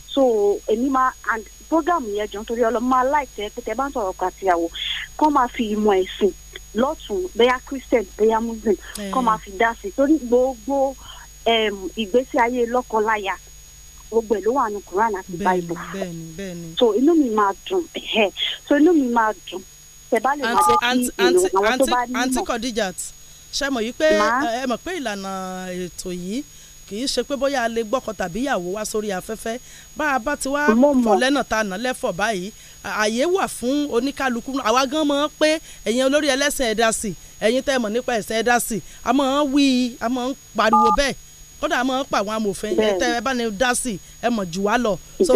so èmi máa and program yẹn jọ nítorí ọlọ́mọ máa láìpẹ́ pé tẹ bá ń sọ̀rọ̀ ọkọ àtìyàwó kọ́ máa fi ìmọ̀ ẹ̀sìn lọ́tún bẹ́yà christian bẹ́yà muslim eh. kọ́ máa fi dá sí torí gbogbo ìgbésí ayé lọ́kọ-láya gbogbo ẹ̀ ló wà ní quran àti bible so inú mi máa dùn so inú mi máa dùn tẹ bá lè máa jẹ́ kí èrò àwọn tó bá ní mọ̀. àǹtí Khadijat ṣe mọ̀ yìí pé ẹ mọ̀ pé ìlànà ètò yìí kì í ṣe pé bóyá a lè gbọ́kọ tàbí ìyàwó wá sórí afẹ́fẹ́ bá a bá ti wá fọ̀ lẹ́nà tá a nà lẹ́fọ̀ báyìí àyè wà fún oníkálukú àwa gan mọ̀ pé ẹ̀yin olórí ẹlẹ́sìn ẹ̀dá sí ẹ̀yin tẹ́ mọ̀ nípa ẹ̀sìn ẹ̀dá sí a mọ̀ ń wí a mọ̀ ń pariwo bẹ́ẹ̀ kódà a mọ̀ ń pa àwọn amòfin ẹ̀ tẹ́ ẹ bá ní dá sí ẹ mọ̀ jù wá lọ so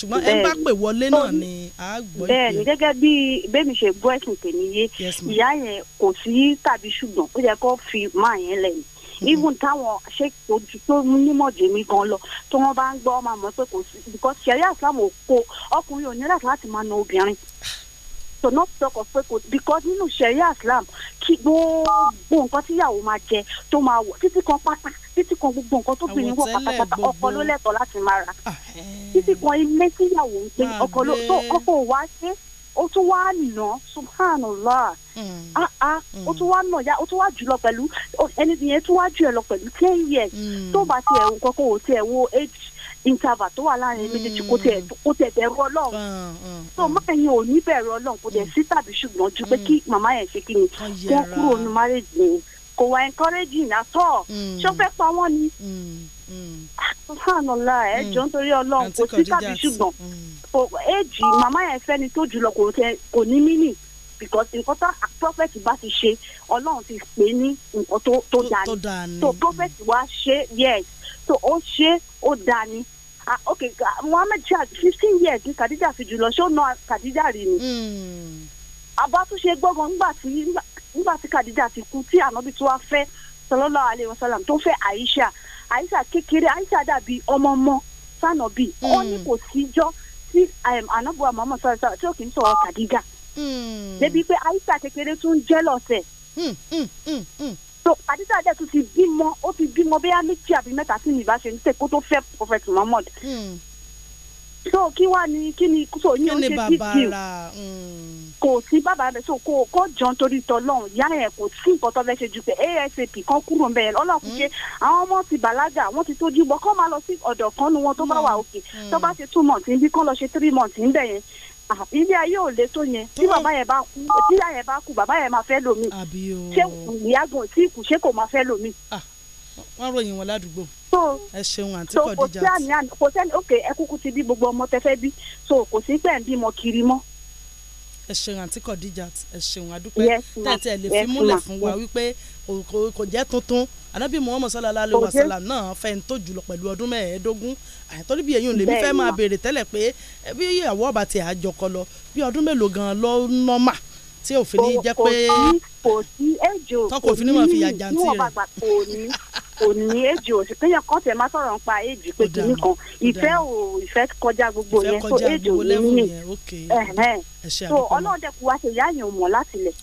ṣùgbọ́n ẹ bá pè wọlé náà ni a gbọ́ ìpè. bẹ́ẹ̀ni gẹ́gẹ́ bí bẹẹmi ṣe gbọ́ ẹsùn tèmi yé ìyá yẹn kò sí tàbí ṣùgbọ́n ó yẹ kó fi máa yẹn lẹ́yìn even táwọn ṣé ojú tó nímọ̀ jèmi gan lọ tó wọ́n bá ń gbọ́ ọmọ àmọ́ pé kò sí because sẹ̀rí islam ò kó ọkùnrin ò ní láti máa na obìnrin so not talk of pé kò because nínú sẹ̀rí islam kí gbogbo nǹkan tíyàwó máa jẹ tó máa wọ̀ títí kan pátá títí kan gbogbo nǹkan tó bìnrin wọ̀ pátápátá ọkọ ló lẹ́tọ̀ọ́ láti máa rà ah, eh. títí kan ilé tíyàwó ń gbé ọkọ ló tó ọkọ ò wá ṣe ó tún wá nà subhanallah mm. ah ah ó mm. tún wá nà ya ó tún wá jù lọ pẹ̀lú ẹni yẹn tún wá jù ẹ lọ pẹ̀lú ten years mm. tó bá tiẹ̀ wò kọ́kọ́ wò tiẹ̀ wò age interval tó wà láàrin méjèèjì kó tẹ kó tẹ bẹ̀rù Ọlọ́run tó máa yẹn ò ní bẹ̀rù Ọlọ́run kó tẹ sí tàbí ṣùgbọ́n ju pé kí màmá yẹn ṣe kí ni kó kúrò ní márèjì yẹn kò wá encouraging at all pa wọ́n ni sànàlá ẹ jọ nítorí Ọlọ́run kò sí tàbí ṣùgbọ́n éèjì mm. màmá yẹn fẹ́ni tó jùlọ kò ní mínì because nǹkan tó prophet bá ti ṣe Ọlọ́run ti pè ní nǹkan tó dáa ni so prophet wa ṣe yes so ó ṣe ó dáa ni ah ok Muhammed Chad fifteen years ni Khadija fi jùlọ ṣé ó na Khadija rí ni abátúnṣe mm. gbọ́ngàn nígbà tí nígbà tí Khadija ti kú tí ànábì tí wàá fẹ́ sọlọ́lá alẹ́ wasalam tó fẹ́ Aisha aisha kékeré aisha dàbí ọmọ ọmọ sànàbí hmm. ó ní kò síjọ́ tí anabu amọmọ sọ̀rọ̀ sọ̀rọ̀ tí ò kì í sọ̀rọ̀ kàdígà hmm. débi pé aisha kékeré tún jẹ́ lọ́sẹ̀ hmm, so Khadija dẹ̀ tún ti bímọ ó ti bímọ bóyá méjì àbí mẹ́ta sí ní ìbáṣe ní sèkó tó fẹ́ Prophet Muhammad. Mm so kí wàá ní kí ni so yín ó ṣe big deal kò sí bàbá rẹ so kò kò jọun torí tọlọ́run ìyá ẹ kò sí nǹkan tó fẹ́ ṣe ju pé asap kan kúrò ń bẹ yẹn ọlọ́run mm. ṣe àwọn ọmọ ti bàlágà wọ́n ti tójú bọ kọ́ máa lọ sí ọ̀dọ̀ kan nu wọn tó bá mm. wà òkè mm. tó bá ṣe two months níbí kán lọ ṣe three months níbẹ̀ yẹn ah, ilé ayé ò le tó yẹn tí bàbá yẹn bá kú tí ìyá yẹn bá kú bàbá yẹn máa fẹ́ lómi ṣé ìyá gan tí kù wọ́n ròyìn wọn ládùúgbò. ẹ ṣeun àǹtí Khadija. kò sí àní kò sẹ́ni ok ẹ kúkú ti bí gbogbo ọmọ tẹ fẹ́ bí so kò sí pẹ̀ ń bímọ kiri mọ́. ẹ ṣeun àǹtí Khadija ẹ ṣeun àdúpẹ́ tẹ̀tẹ̀ ẹ̀ lè fi múlẹ̀ fún wa wípé kò jẹ́ tuntun ànábì muhammed sallallahu alayhi wa sallam náà fẹ́ ń tó jùlọ pẹ̀lú ọdún mẹ́ẹ̀ẹ́dógún àyàtọ́lú bí eyín lèmi fẹ́ máa béèrè tẹ́lẹ̀ pé bí ìyàwó ọba ti àjọkọ lọ bí ọdún mélòó gan-an lọ́ọ́ nọ́mà tí òfin ní jẹ́ pé kò sí èjò kò sí níwọ̀n bàgbà kò ní kò ní èjì òsì pé yẹn kọ́ tẹ̀ má sọ̀rọ̀ nípa èjì pé kìíní kan ìfẹ́ ò ìfẹ́ kọjá gbogbo yẹn so èjì ò ní ní so ọlọ́run dẹ̀ kú wa ṣe ìyá yẹn ò mọ̀ láti lẹ̀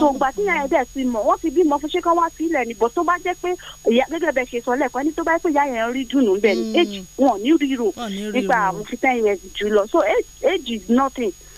so ìgbà tí yẹn dẹ̀ ti mọ̀ wọ́n ti bímọ fún ṣé kán wá sílẹ̀ ni bọ̀ tó bá jẹ́ pé gẹ́gẹ́ bẹ́ẹ̀ ṣe sọ lẹ́ẹ̀kan ẹni tó bá jẹ́ pé ìyá yẹn rí dùnú bẹ́ẹ̀ ni èjì hmm. wọn ò ní ríro nígbà àwọn fi ten years jù lọ so age is nothing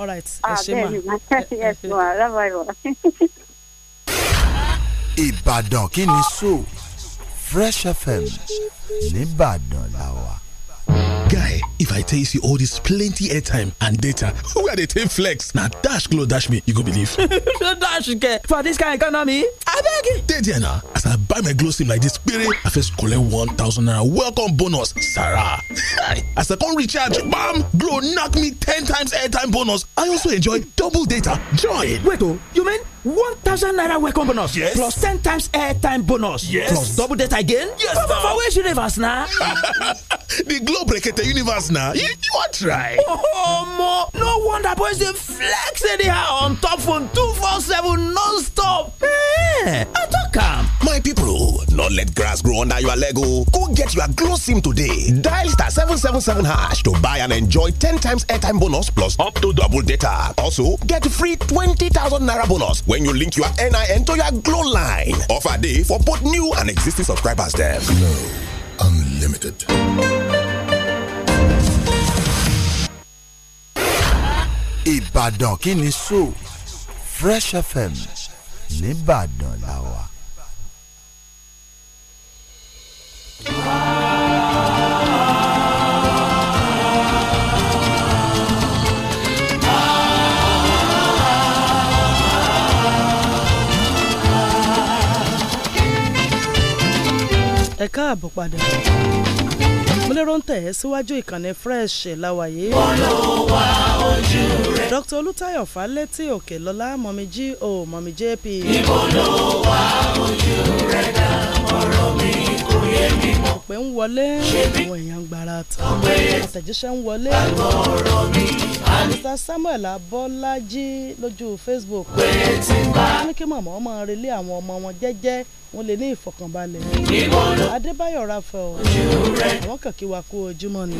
all right ah, ẹ ṣe mà. ìbàdàn kí ni so Fresh FM nìbàdàn làwà guy if i tell you see all this, plenty airtime and data Who are they? take flex Now, dash glow dash me you go believe no dash get for dis kain economy I abeg dey there na as i buy my glow sim like this, kpere i first collect 1000 naira welcome bonus sarah as i come recharge bam glow knock me 10 times airtime bonus i also enjoy double data join wait oh, you mean 1000 naira welcome bonus yes plus 10 times airtime bonus yes plus double data again yes for where should live as na the glow break Mr. Universe now. You, you want try? Oh, mo. No wonder boys they flex anyhow on top phone 247 non-stop. Hey, eh, I talk calm. My people, not let grass grow under your Lego. Oh. Go get your glow sim today. Dial star 777 hash to buy and enjoy 10 times airtime bonus plus up to double data. Also, get free 20,000 Naira bonus when you link your NIN to your glow line. Offer day for both new and existing subscribers. Them. Glow Unlimited. Ìbàdàn kí ni so Fresh FM nìbàdàn la wà. ẹ káàbọ̀ padà àmúlẹ́rọ̀ ń tẹ̀ ẹ́ síwájú ìkànnì fresh láwàyé. olùwà ojú rẹ̀. Dr Olútáyọ̀ Fálétí òkè lọ́lá mọ̀mí g o mọ̀mí jp. ibo ló wà ojú rẹ̀ dá ọ̀rọ̀ mi ọ̀pẹ ń wọlé àwọn èèyàn gbára tán àtẹ̀jíṣẹ́ ń wọlé Mr Samuel Abọ́lájí lójú Facebook wọ́n ní kí màmá ọmọ relé àwọn ọmọ wọn jẹ́jẹ́ wọ́n lè ní ìfọ̀kànbalẹ̀ Adébáyọ̀ Raphael àwọn kàn kí wa kú ojúmọ́ ni.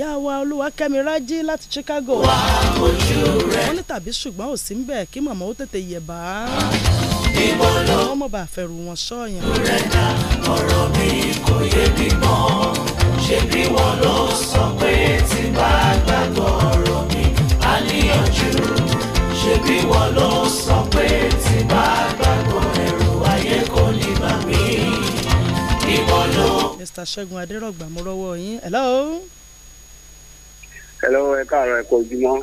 ìyá wa Olúwakẹ́mi Rájí láti Chicago wọ́n ní tàbí ṣùgbọ́n ò sí ń bẹ̀ kí màmá ó tètè yẹ̀ bá a ibo wọ́n mọ̀ bá fẹ̀rù wọn sọ̀yàn. rẹ̀dá ọ̀rọ̀ mi kò yé mi mọ́ ṣé bí wọ́n ló sọ pé tí bá gbàgbọ́ ọ̀rọ̀ mi á níyànjú ṣé bí wọ́n ló sọ pé tí bá gbàgbọ́ ẹ̀rù ayé kò ní bá mi ibo Mr. Ṣẹ́gun Adérọ̀gbà mo rọ́wọ́ yín hello hello ẹ káàárọ̀ ẹ ojúmọ́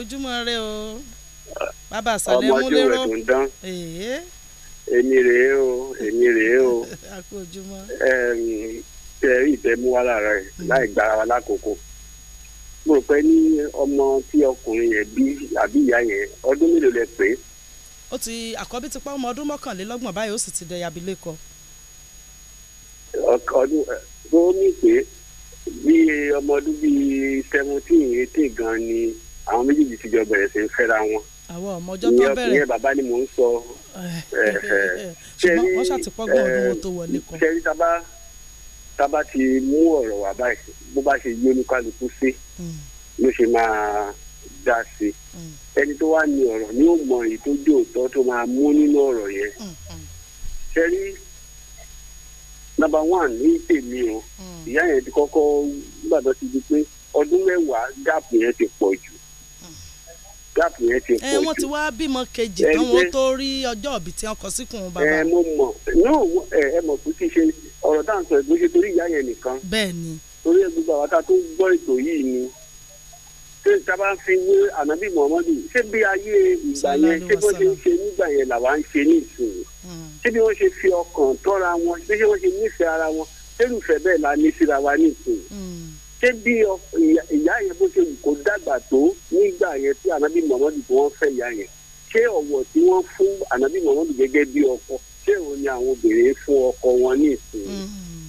ojúmọ́ aláyọ̀ o bàbá àṣàlẹ̀ mú lérò ọmọ tí ó rẹ̀ tó ń dán èmi rèé o èmi rèé o tẹ ìtẹ̀mú wa lára rẹ̀ hmm. láì gbára wa lákòókò mo rò pé ní ọmọ tí ọkùnrin yẹn bí àbí ìyá yẹn ọdún mélòó lẹ pé. ó ti àkọ́bí ti pa ọmọ ọdún mọ́kànlélọ́gbọ̀n báyìí ó sì ti dẹ̀yà abilékọ. ọdún tó ní pé bí ọmọ ọdún bíi seventeen eighteen gan ni àwọn méjèèjì ti jọ bẹ̀rẹ̀ sí í fẹ́ra wọn àwọn ọmọjọ tó bẹ̀rẹ̀ ìyẹn bàbá ni mò ń sọ eh, eh, eh, ṣùgbọ́n wọ́n ṣàtìpọ́gbọ̀n olówó tó wọlé kan. ṣe rí tábà tábà ti mú ọ̀rọ̀ wá báyìí bó bá ṣe yí olúkálukú sí hmm. ló ṣe máa dá sí hmm. ẹni tó wá ní ọ̀rọ̀ ni ó mọ èyí tó dé òótọ́ tó máa mú nínú ọ̀rọ̀ yẹn hmm, ṣe rí nọ́mbà one ní tèmi o ìyá yẹn ti kọ́kọ́ gbàdọ́ ti di pé ọdún mẹ́wàá gáàpù yẹn ti pọ̀ jù gáàpù yẹn ti eh, pọ̀ jù. ẹ wọ́n ti wá bímọ kejì tán wọ́n tó rí ọjọ́ òbí tí wọ́n kọ síkùn bàbá. Eh, ẹ mo mọ̀ yóò eh, ẹ mọ̀ pé kí ṣe ọ̀rọ̀ tá à ń sọ ẹ̀gbọ́n ṣe torí ìyá yẹn nìkan. bẹ́ẹ̀ni. torí ẹ gbogbo àwọn tó gbọ́ ètò yìí ni ṣé ìjọba ń fi wé ànábì muhammadu ṣé bí ayé ìgbà yẹn ṣé bó ṣe ń ṣe nígbà yẹn làwa ń ṣe ní ìsìn hmm. ṣé bí wọ́n ṣe fi ọkàn ṣé bí ìyá yẹn bó ṣe kò dàgbà tó nígbà yẹn tí anabi muhammadu tí wọ́n fẹ́ ìyá yẹn ṣé ọ̀wọ̀ tí wọ́n fún anabi muhammadu gẹ́gẹ́ bí ọkọ ṣé òun ni àwọn obìnrin fún ọkọ wọn ní ìsìn mm-hmm.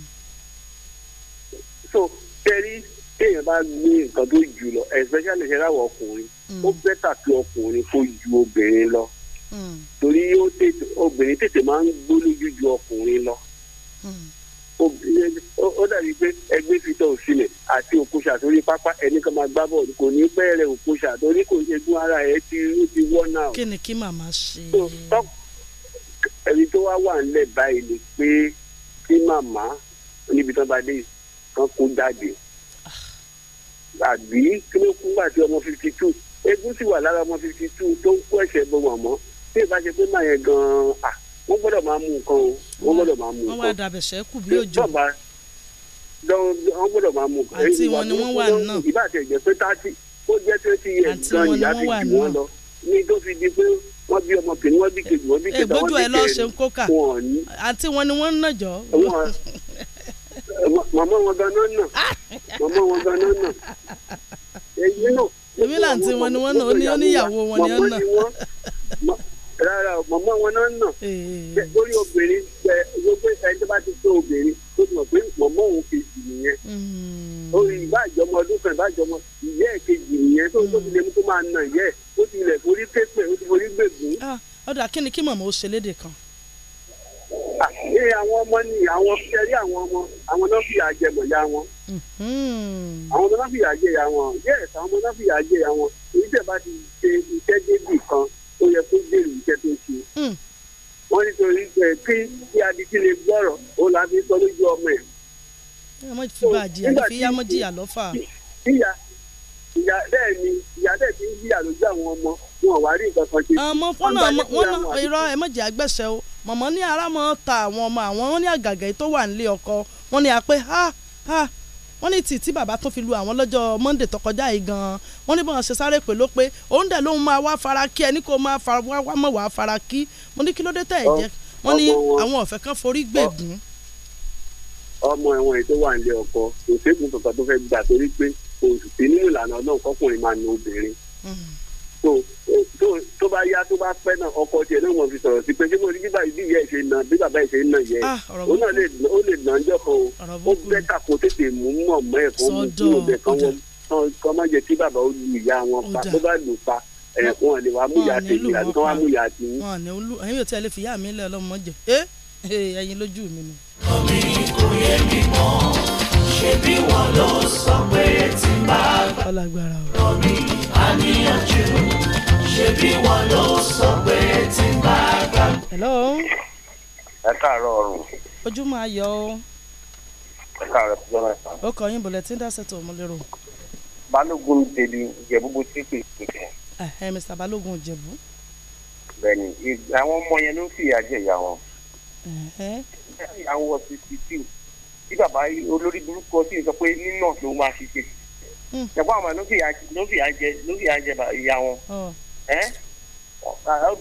so tẹ́rí téèyàn bá ní nǹkan tó jù lọ especially ṣe láwọ ọkùnrin mm. ó bẹ́tà kí ọkùnrin kó ju obìnrin lọ mm. torí obìnrin tètè máa ń gbólójú ju ọkùnrin lọ. Mm ó dàbí pé ẹgbẹ́ fitọ́ òsìlẹ̀ àti òkúṣà torí pápá ẹni kan máa gbá bọ́ọ̀lù kò ní bẹ̀rẹ̀ òkúṣà torí kò ṣe gún ara ẹ̀ ti ti wọ́n náà. kí ni kí màmá ṣe. ẹni tó wá wà ńlẹ̀ báyìí ni pé kí màmá níbi tán bá dé kan kó jáde àbí kí ló kú gbà tí ọmọ fifty two egun sì wà lára ọmọ fifty two tó ń kó ẹ̀ṣẹ̀ bọ̀ wọ̀n mọ́ tí yẹn gan-an wọ́n gbọ́dọ̀ máa mú nǹkan o wọ́n gbọ́dọ̀ máa mú nǹkan. wọ́n wá dàbẹ̀ sẹ́kù bí òjò. bàbá wọ́n gbọ́dọ̀ máa mú nǹkan. àti wọn ni wọ́n wà náà. ìbá àti ẹ̀jẹ̀ pé táàtì ó jẹ́ twenty years gan ìyá fi jù wọ́n lọ ní tó fi di pé wọ́n bí ọmọkùnrin wọ́n bí kejì wọ́n bí kejì wọ́n bí kejì. ègbójú ẹ lọ àti wọn ni wọ́n ń nàjọ. màmá wọn ganan náà màmá wọn ganan náà èyí èmi làǹtí wọn ni wọn náà ó ní ìyàwó wọn ni ó náà rárá o màmá wọn náà nà lórí eh, eh, eh. obìnrin gbogbo ẹni tó bá ti tó obìnrin tó ti mọ̀ pé màmá òun kejì nìyẹn orí hmm. ìbáàjọ ọmọ ọdún kan ìbáàjọ ọmọ ìyẹ́ ẹ̀ kejì nìyẹn tó tó ti lè mú kó máa nà ìyẹ́ ẹ̀ ó ti lẹ̀ forí képè ó ti forí gbègún. Ah, ọ̀dà kí ni kí màmá ó ṣe léde kan àṣírí ah, àwọn ọmọ ni àwọn kẹrí àwọn ọmọ àwọn náà fìyà jẹ mọ̀yá wọn. Hmm. àwọn ọmọ náà fìyà jẹ ìyá wọn yẹ́ẹ̀sì àwọn ọmọ náà fìyà jẹ ìyá wọn ìjẹba ti ṣe iṣẹ́ débì ó yẹ kó gbèrò iṣẹ́ tó ṣe. wọ́n hmm. ní torí pé kí kí adití lè gbọ́rọ̀ ó là fi sọ lójú ọmọ ẹ̀. bẹ́ẹ̀ ni ìyá bẹ́ẹ̀ ti ń jìyà lójú àwọn ọmọ wọn wá rí nǹkan kan ṣe. wọn o ní ta àwọn ọmọ àwọn wọn ní àgàgà tó wà nílé ọkọ wọn ní ha ha wọ́n ní títí bàbá tó fi lu àwọn lọ́jọ́ Monday tó kọjá yìí gan-an wọ́n ní bọ́n ṣe sáré pè ló pé òun dẹ̀ lóun máa wá fara kí ẹni kó máa wá mọ̀ wá fara kí mo ní kí ló dé tẹ̀ ẹ̀ jẹ́ wọ́n ní àwọn ọ̀fẹ́ kan forí gbègùn. ọmọ ẹ̀wọ̀n ètò wà nílé ọkọ òṣègùn kankan tó fẹ́ gbà torí pé oṣù nínú ìlànà náà kọkùnrin máa nu obìnrin hmm. Eh, tó tó bá yá tó bá pẹ́ náà ọkọ tiẹ̀ náà wọ́n fi sọ̀rọ̀ sí pé ṣé bí báyìí bí ìyá ẹ̀ ṣe nà bí bàbá ẹ̀ ṣe nà yẹ ah, òun náà ó lè nà ọjọ́ kan ó bẹ́tà kó tètè mú mọ̀ mọ́ ẹ̀ fún mi kúrò bẹ́ẹ̀ kan wọ́n kan má jẹ́ kí bàbá ó lu ìyá wọn pa tó bá lù pa ẹ̀ wọn lè mú ìyá tèmi àti kan mú ìyá tèmi. wọn eh, ni olú ṣe bí wọ́n ló sọ pé tí n bá gbọ́ mi àníyànjú ṣe bí wọ́n ló sọ pé tí n bá gbà. hello. ẹ káàárọ̀ ọ̀run. ojú máa yọ o. ẹ káàárọ̀ ọ̀run mẹ́ta. ó kọ yín bọ̀lẹ̀ tí ń dá sẹ́tọ̀ ọmọ lérò. balógun dèlì ìjẹ̀bú tí kì í ṣe. ẹ mr balógun ìjẹ̀bú. bẹ́ẹ̀ni àwọn ọmọ yẹn ló ń fìyà jẹ ìyá wọn. àwọn ọ̀sìn ti tì í tí bàbá olórí burúkú ọtí sọ pé nínà ló máa fi ṣe hmm. ṣùgbọ́n àwọn ló fìyà ló fìyà jẹ ló fìyà jẹ ìyá wọn hmm.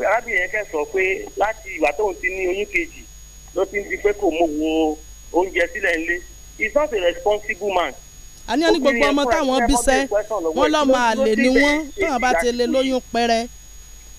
arábìnrin yẹn kẹ́ sọ pé láti ìgbà tóun ti ní oyún kejì ló ti ń di pé kò mówó oúnjẹ sílẹ̀ ńlé he is not a responsible man a ní ẹni gbogbo ọmọ táwọn bí sẹ́ wọ́n lọ́ọ́ máa lè ní wọ́n táwọn bá ti lè lóyún pẹ́rẹ́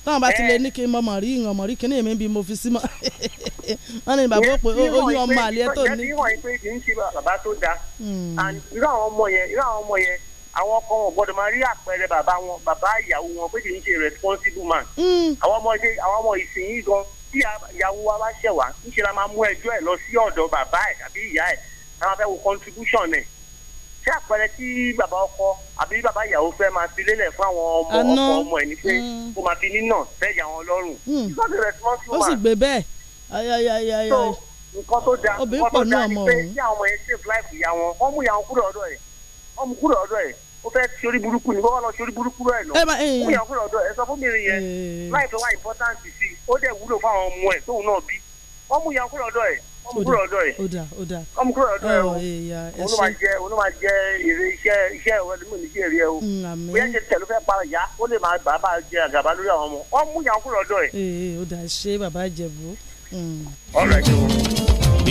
táwọn bá ti lè eh. ní kí n mọ̀mọ̀ rí ìyàn mọ̀ rí kíní èmi bí mo fi sí mọ́ ní bàbá ó pé ọmọ àlẹ́ tó ní. ìwọ̀n ìpè kì í ṣe bàbá tó dáa hmm. and irú àwọn ọmọ yẹn irú àwọn ọmọ yẹn àwọn ọkọ wọn gbọ́dọ̀ máa rí àpẹẹrẹ bàbá wọn bàbá ìyàwó wọn pé kì í ṣe responsible man hmm. àwọn ọmọ ṣe àwọn ọmọ ìsìn gan tí ìyàwó wa bá ṣẹ̀ wá ńṣe la máa mú ẹjọ́ ẹ̀ lọ sí ọ̀dọ̀ bàbá ẹ̀ tàbí ìyá ẹ̀ la máa fẹ́ wo contribution ẹ̀ ṣé àpẹẹrẹ tí bàbá ọkọ àbí bàbá ìyàwó fẹ́ máa fi lélẹ̀ fún àwọn ọmọ ọkọ ọmọ ẹni pé mm. kó máa fi nínà sẹ́yà wọn lọ́rùn. Mm. ó sì gbé bẹ́ẹ̀ nǹkan tó da nǹkan tó da ni pé kí àwọn ọmọ yẹn save life ìyá wọn wọ́n mú ìyá wọn kúrò ọ̀dọ̀ ẹ̀ wọ́n mú kúrò ọ̀dọ̀ ẹ̀ ó fẹ́ ti orí burúkú ni wọ́n lọ ti orí burúkú rẹ̀ lọ mú ìyá wọn kúrò ọ̀dọ̀ ẹ̀ sọ fún mi yẹn eh. life wa important sí i ó dẹ̀ wúlò fún àwọn ọmọ ẹ̀ tóun náà bí wọ́n mú ìyá wọn kúrò ọ̀dọ̀ ẹ̀ kúrò ọ̀dọ̀ yìí ọmọ kúrò ọ̀dọ̀ yìí o olú máa jẹ olú máa jẹ èrè iṣẹ́ iṣẹ́ ìwé mi ní kí èrè ẹ o mm, bóyá ṣe tẹ̀lé fẹ́ para ìyá ó lè máa bàbá jẹ àgàbà lórí àwọn ọmọ ọ mú yàn kúrò ọ̀dọ̀ yìí. ee o ṣe bàbá Ìjẹ̀bú. ọ̀rọ̀ mm. ẹ̀jẹ̀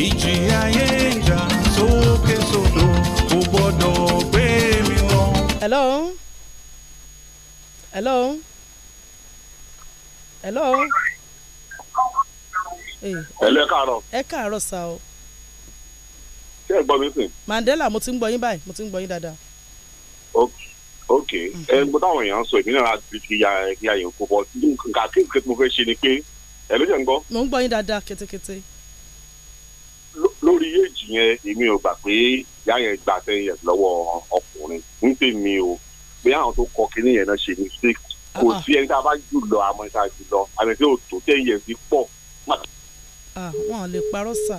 ìjì ayé ìjà sókè sódò kò gbọ́dọ̀ gbé mi lọ. hello hello hello ẹ̀lú eh. ẹ káàárọ̀. ẹ káàárọ̀ sá o. ṣé ẹ gbọ́ mi sìn. Mandela mo ti ń gbọ́ yín báyìí mo ti ń gbọ́ yín dáadáa. ok mm. ẹ gbọ́ táwọn èèyàn sọ èmi náà láti fi ya ya yẹn kó bọ́ nǹkan kékeré tí mo fẹ́ ṣe ni pé ẹ ló jẹ́ ń gbọ́. mo ń gbọ́ yín dáadáa kétékété. lórí èjì yẹn èmi ò gbà pé ìyá yẹn gbà sẹ́yìn yẹn lọ́wọ́ ọkùnrin ń pè mí o pé àwọn tó kọ kinní yẹn náà ṣe mistake kò ah, ah. sí ẹni tá a bá jù lọ àmọ́ tá a jù lọ àmì tí ò tó tẹ̀yẹ̀ sí pọ̀ pàtàkì wọn lè parọ́ sà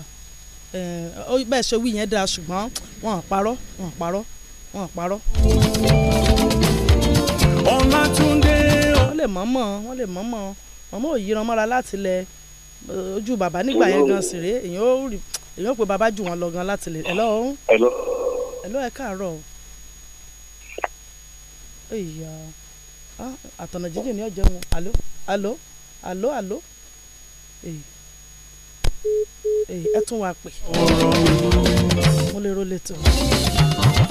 bẹ́ẹ̀ ṣe wí yẹn dáa ṣùgbọ́n wọn parọ́ wọn parọ́ wọn parọ́. Ọlátúndé. wọ́n lè mọ̀ọ́mọ̀ wọ́n lè mọ̀ọ́mọ̀ mọ̀ọ́mọ̀ ò yíran mọ́ra láti lẹ eh, ojú bàbá nígbà yẹn gan sì rèé èyàn ó rí èyàn ó pe bàbá jù wọn lọ gan láti lè. ẹ̀lọ́ ọ̀hún ẹ̀lọ́ ẹ̀ káàárọ̀ o. èyà ah, àtọ̀nà jíjìn ni ọ̀jẹ̀ wọn àló àló àló àló ẹ tún wá pè mo lè rólé tó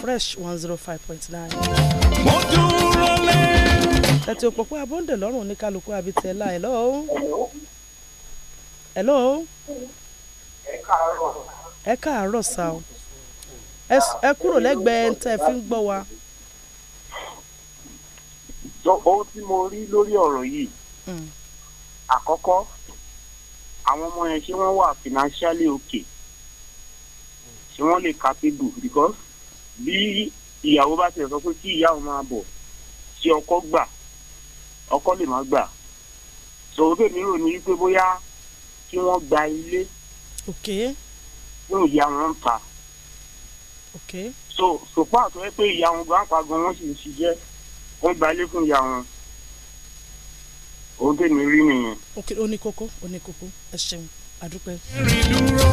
fresh one zero five point nine. mo dúró lé. tètè òpó pé abóńdè lọ́rùn oníkálukú abitẹ̀ la hello. hello. ẹ káàárọ̀. ẹ káàárọ̀ sá o ẹ kúrò lẹ́gbẹ̀ẹ́ tẹ́ ẹ fi ń gbọ́ wa. ohun tí mo rí lórí ọ̀rọ̀ yìí hmm. àkọ́kọ́ àwọn ọmọ yẹn ṣé wọ́n wà financially okay ṣé wọ́n lè capable because bí ìyàwó bá ti sọ pé kí ìyá òun máa bọ̀ ṣé ọkọ gbà ọkọ lè má gbà sọ̀rọ̀ pé mi rò ní wípé bóyá kí wọ́n gba ilé fún ìyá wọn ń so sòpá àtọ́wé pé ìyá wọn gan pa gan wọ́n sì ń ṣiṣẹ́ wọ́n gba ilé fún ìyá wọn ó tèmi rí nìyẹn. ó ní kókó ó ní kókó ẹ ṣeun àdúpẹ́. rìn dúró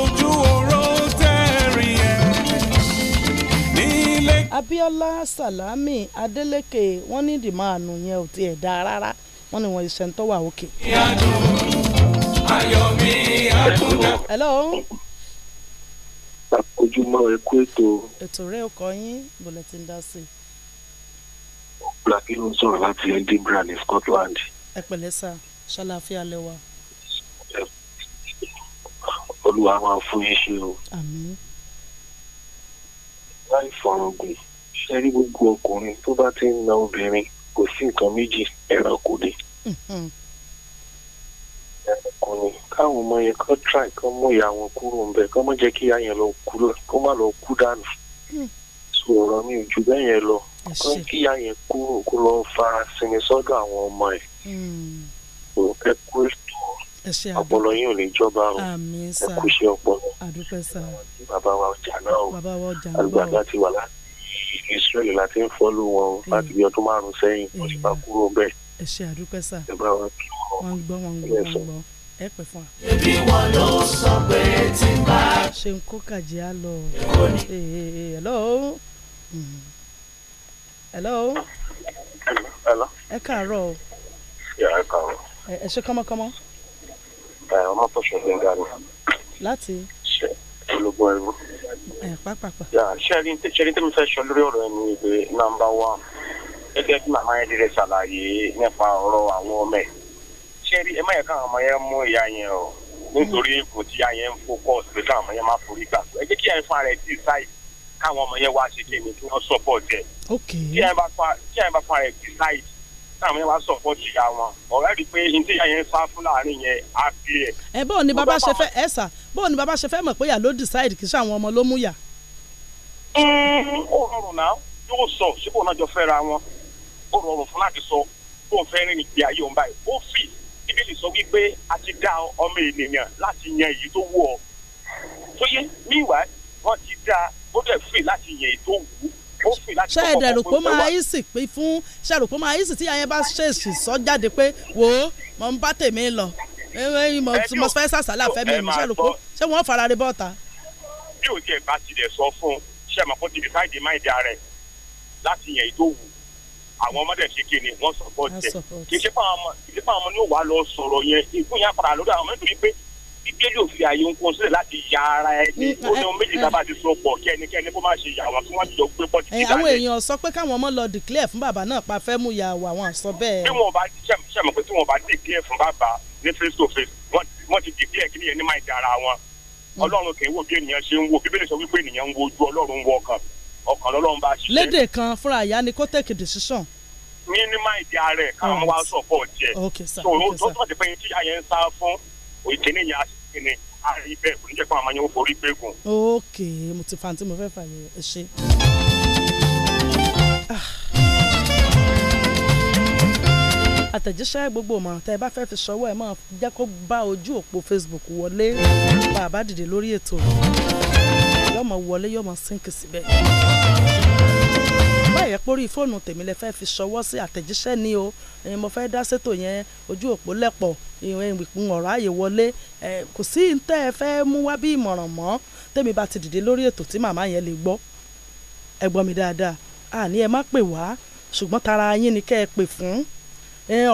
ojú oró tẹ̀rì ẹ̀ nílé. Abíọ́lá Sàlámì Adélékè wọ́n ní dìmáànù yẹn ò tiẹ̀ dáa rárá wọ́n ní wọ́n iṣẹ́ ń tọ́wà òkè. ìyanu ayọ̀ mi àkúndà. hello. ojúmọ́ ẹ kú ètò. ètò rẹ̀ ò kọ́ yín bọ̀lẹ́tì ń dá sí i blakey ló ń sọ̀rọ̀ láti edinburgh ní scotland. ẹ pẹ̀lẹ́ sà ṣàlàáfíà lẹ́wà. olúwa máa fún yín ṣe o. àmín. láì fọ̀rọ̀gùn ṣe rí gbogbo ọkùnrin tó bá ti ń na obìnrin kò sí nǹkan méjì ẹranko ni. ẹranko ni káwọn ọmọ yẹn kọ́ try kọ́ mọ ìyá wọn kúrò ń bẹ̀ kọ́ mọ́ jẹ́ kí ìyá yẹn lọ kú lọ kó má lọ kú dànù. sọ̀rọ̀ mi ò ju bẹ́ẹ̀ yẹn lọ kó kíyà yẹn kúrò kó lọ fara sinmi sọ́dọ̀ àwọn ọmọ ẹ̀ hmm. òkè kú ètò ọpọlọ yìí ò ní jọba o ẹ kú ṣe ọpọlọ bàbá wa ọjà náà o àgbàdo àti wà láti Israẹli láti ń fọ́lù wọn hmm. láti bí ọdún márùn-ún sẹ́yìn wọ́n ti bá hmm. kúrò bẹ́ẹ̀. ẹ ṣe àdúpẹ́ sà wọ́n gbọ́ wọ́n gbọ́ wọ́n gbọ́ ẹ pẹ fún wa. ebi wọn ló sọ pé tí n bá. ṣe ń kó kàjẹ́ á lọ. hello. Mm hello. hello. ẹ káàárọ̀ o. yà ẹ káàárọ̀. ẹ ṣe kọ́mọkọ́mọ. ẹ ọmọ tó ṣe gbẹngà ni. láti. ṣe ológun ẹrú. ẹ pápápá. yà ṣẹ́rin ṣẹ́rin tí mo fẹ́ sọ lórí ọ̀rọ̀ ẹni ìwé nọ́mbà one gẹ́gẹ́ bí màmá yẹn dirẹ̀ ṣàlàyé nípa ọ̀rọ̀ àwọn ọmọ ẹ̀ ṣẹ́rí ẹ má yẹ káwọn ọmọ yẹn mú ìyá yẹn o nítorí ipò tí ìyá yẹn ń focus pé káwọn ọmọ yẹn má forí gbà ẹ jẹ́ kí ẹ fún ara ẹ tí ì sáì káwọn ọmọ yẹn wá ṣe kéèmí kí wọ́n support ẹ̀ tí ẹ bá pa tí ẹ bá pa ẹ bí láìsí táwọn yẹn wá support ìyá wọn ọ̀rẹ́ rí i pé ní ìyá yẹn sá fún láàrin yẹn á bí ẹ. ẹ bọ́ọ̀ ni bàbá ṣe fẹ́ ẹ sà bọ́ọ̀ ni bàbá ṣe fẹ́ mọ̀ pé yà ló decide kì í ọmọ ló mú yà. Mm, ó rọrùn náà yóò sọ sípò náà jọ fẹ́ra wọn ó rọrùn fún láti sọ bó fẹ́ rìn ìgbé ayé òun báyìí ó fì bíbélì sọ wípé a ti dá ọmọ ènìyàn láti yan èyí tó wù ọ tó yẹ wọn ti dá ó dẹ̀ fì láti yan èyí tó wù ú ṣé ẹ̀dẹ̀ rò pé máa ìsì pín fún ṣé rò pé máa ìsì tí ayẹyẹ bá ṣèṣì sọ jáde pé wò ó mọ̀ ń bá tèmi lọ mo fẹ́ sàṣàlà fẹ́ mi ṣé ṣé wọ́n fara rẹ bọ́ta. bí o tiẹ̀ bá tilẹ̀ sọ fún ṣé àmọ́ kó tìbí fáìdì máa dá rẹ̀ láti yẹn tó wù àwọn ọmọdé ṣe kí ni wọ́n sọ bọ́ọ̀tẹ̀ kì í ṣe fáwọn ọmọ ní òwà lọ sọ̀rọ̀ yẹn ìgbóyà padà lórí àwọn ọmọ bíbélì ò fi àyè nǹkan sílẹ̀ láti ya ara ẹni ó ní ohun méjì tábà ti sọ pọ̀ kí ẹnikẹ́ni kó má ṣe yàwá kí wọ́n jọ gbé pọ́tì dídá àwọn èèyàn sọ pé káwọn ọmọ lọ declare fún bàbá náà pa fẹ́ mú yàwá wọn sọ bẹ́ẹ̀. bí wọn bá ṣàmọ̀ pé tí wọn bá declare fún bàbá ní face to face wọn ti declare kí nìyẹn ní máa dára wọn mm. ọlọ́run kì í wò bí take decision ní ní máìdí ara ẹ̀ káwọn wá sọ̀pọ̀ ìkíní yẹn a sì kíni a rí bẹ́ẹ̀ kò ní jẹ́ kó àwọn amáyẹ̀wò forí gbẹ́gùn. ok mo ti fa mo fẹ́ fà yẹn ẹ ah. àtẹ̀jíṣẹ́ gbogbo ìmọ̀ràn tẹ́ ẹ bá fẹ́ fi ṣọwọ́ ẹ máa jẹ́ kó bá ojú òpó Facebook wọlé bàbá dìde lórí ètò yọmọ wọlé yọmọ sínkì síbẹ̀ báyẹn pórí fóònù tèmi lè fẹ́ fi ṣọwọ́ sí àtẹ̀jíṣẹ́ ni o mo fẹ́ dá sétò yẹn ojú òpó lẹ́pọ̀ ìpín ọ̀rọ̀ ààyè wọlé kò sí tẹ́ ẹ fẹ́ mú wá bí ìmọ̀ràn mọ́ tèmi bá ti dìde lórí ètò tí màmá yẹn lè gbọ́ ẹ gbọ́ mi dáadáa àní ẹ má pè wá ṣùgbọ́n tara yín ni kẹ́ ẹ pè fún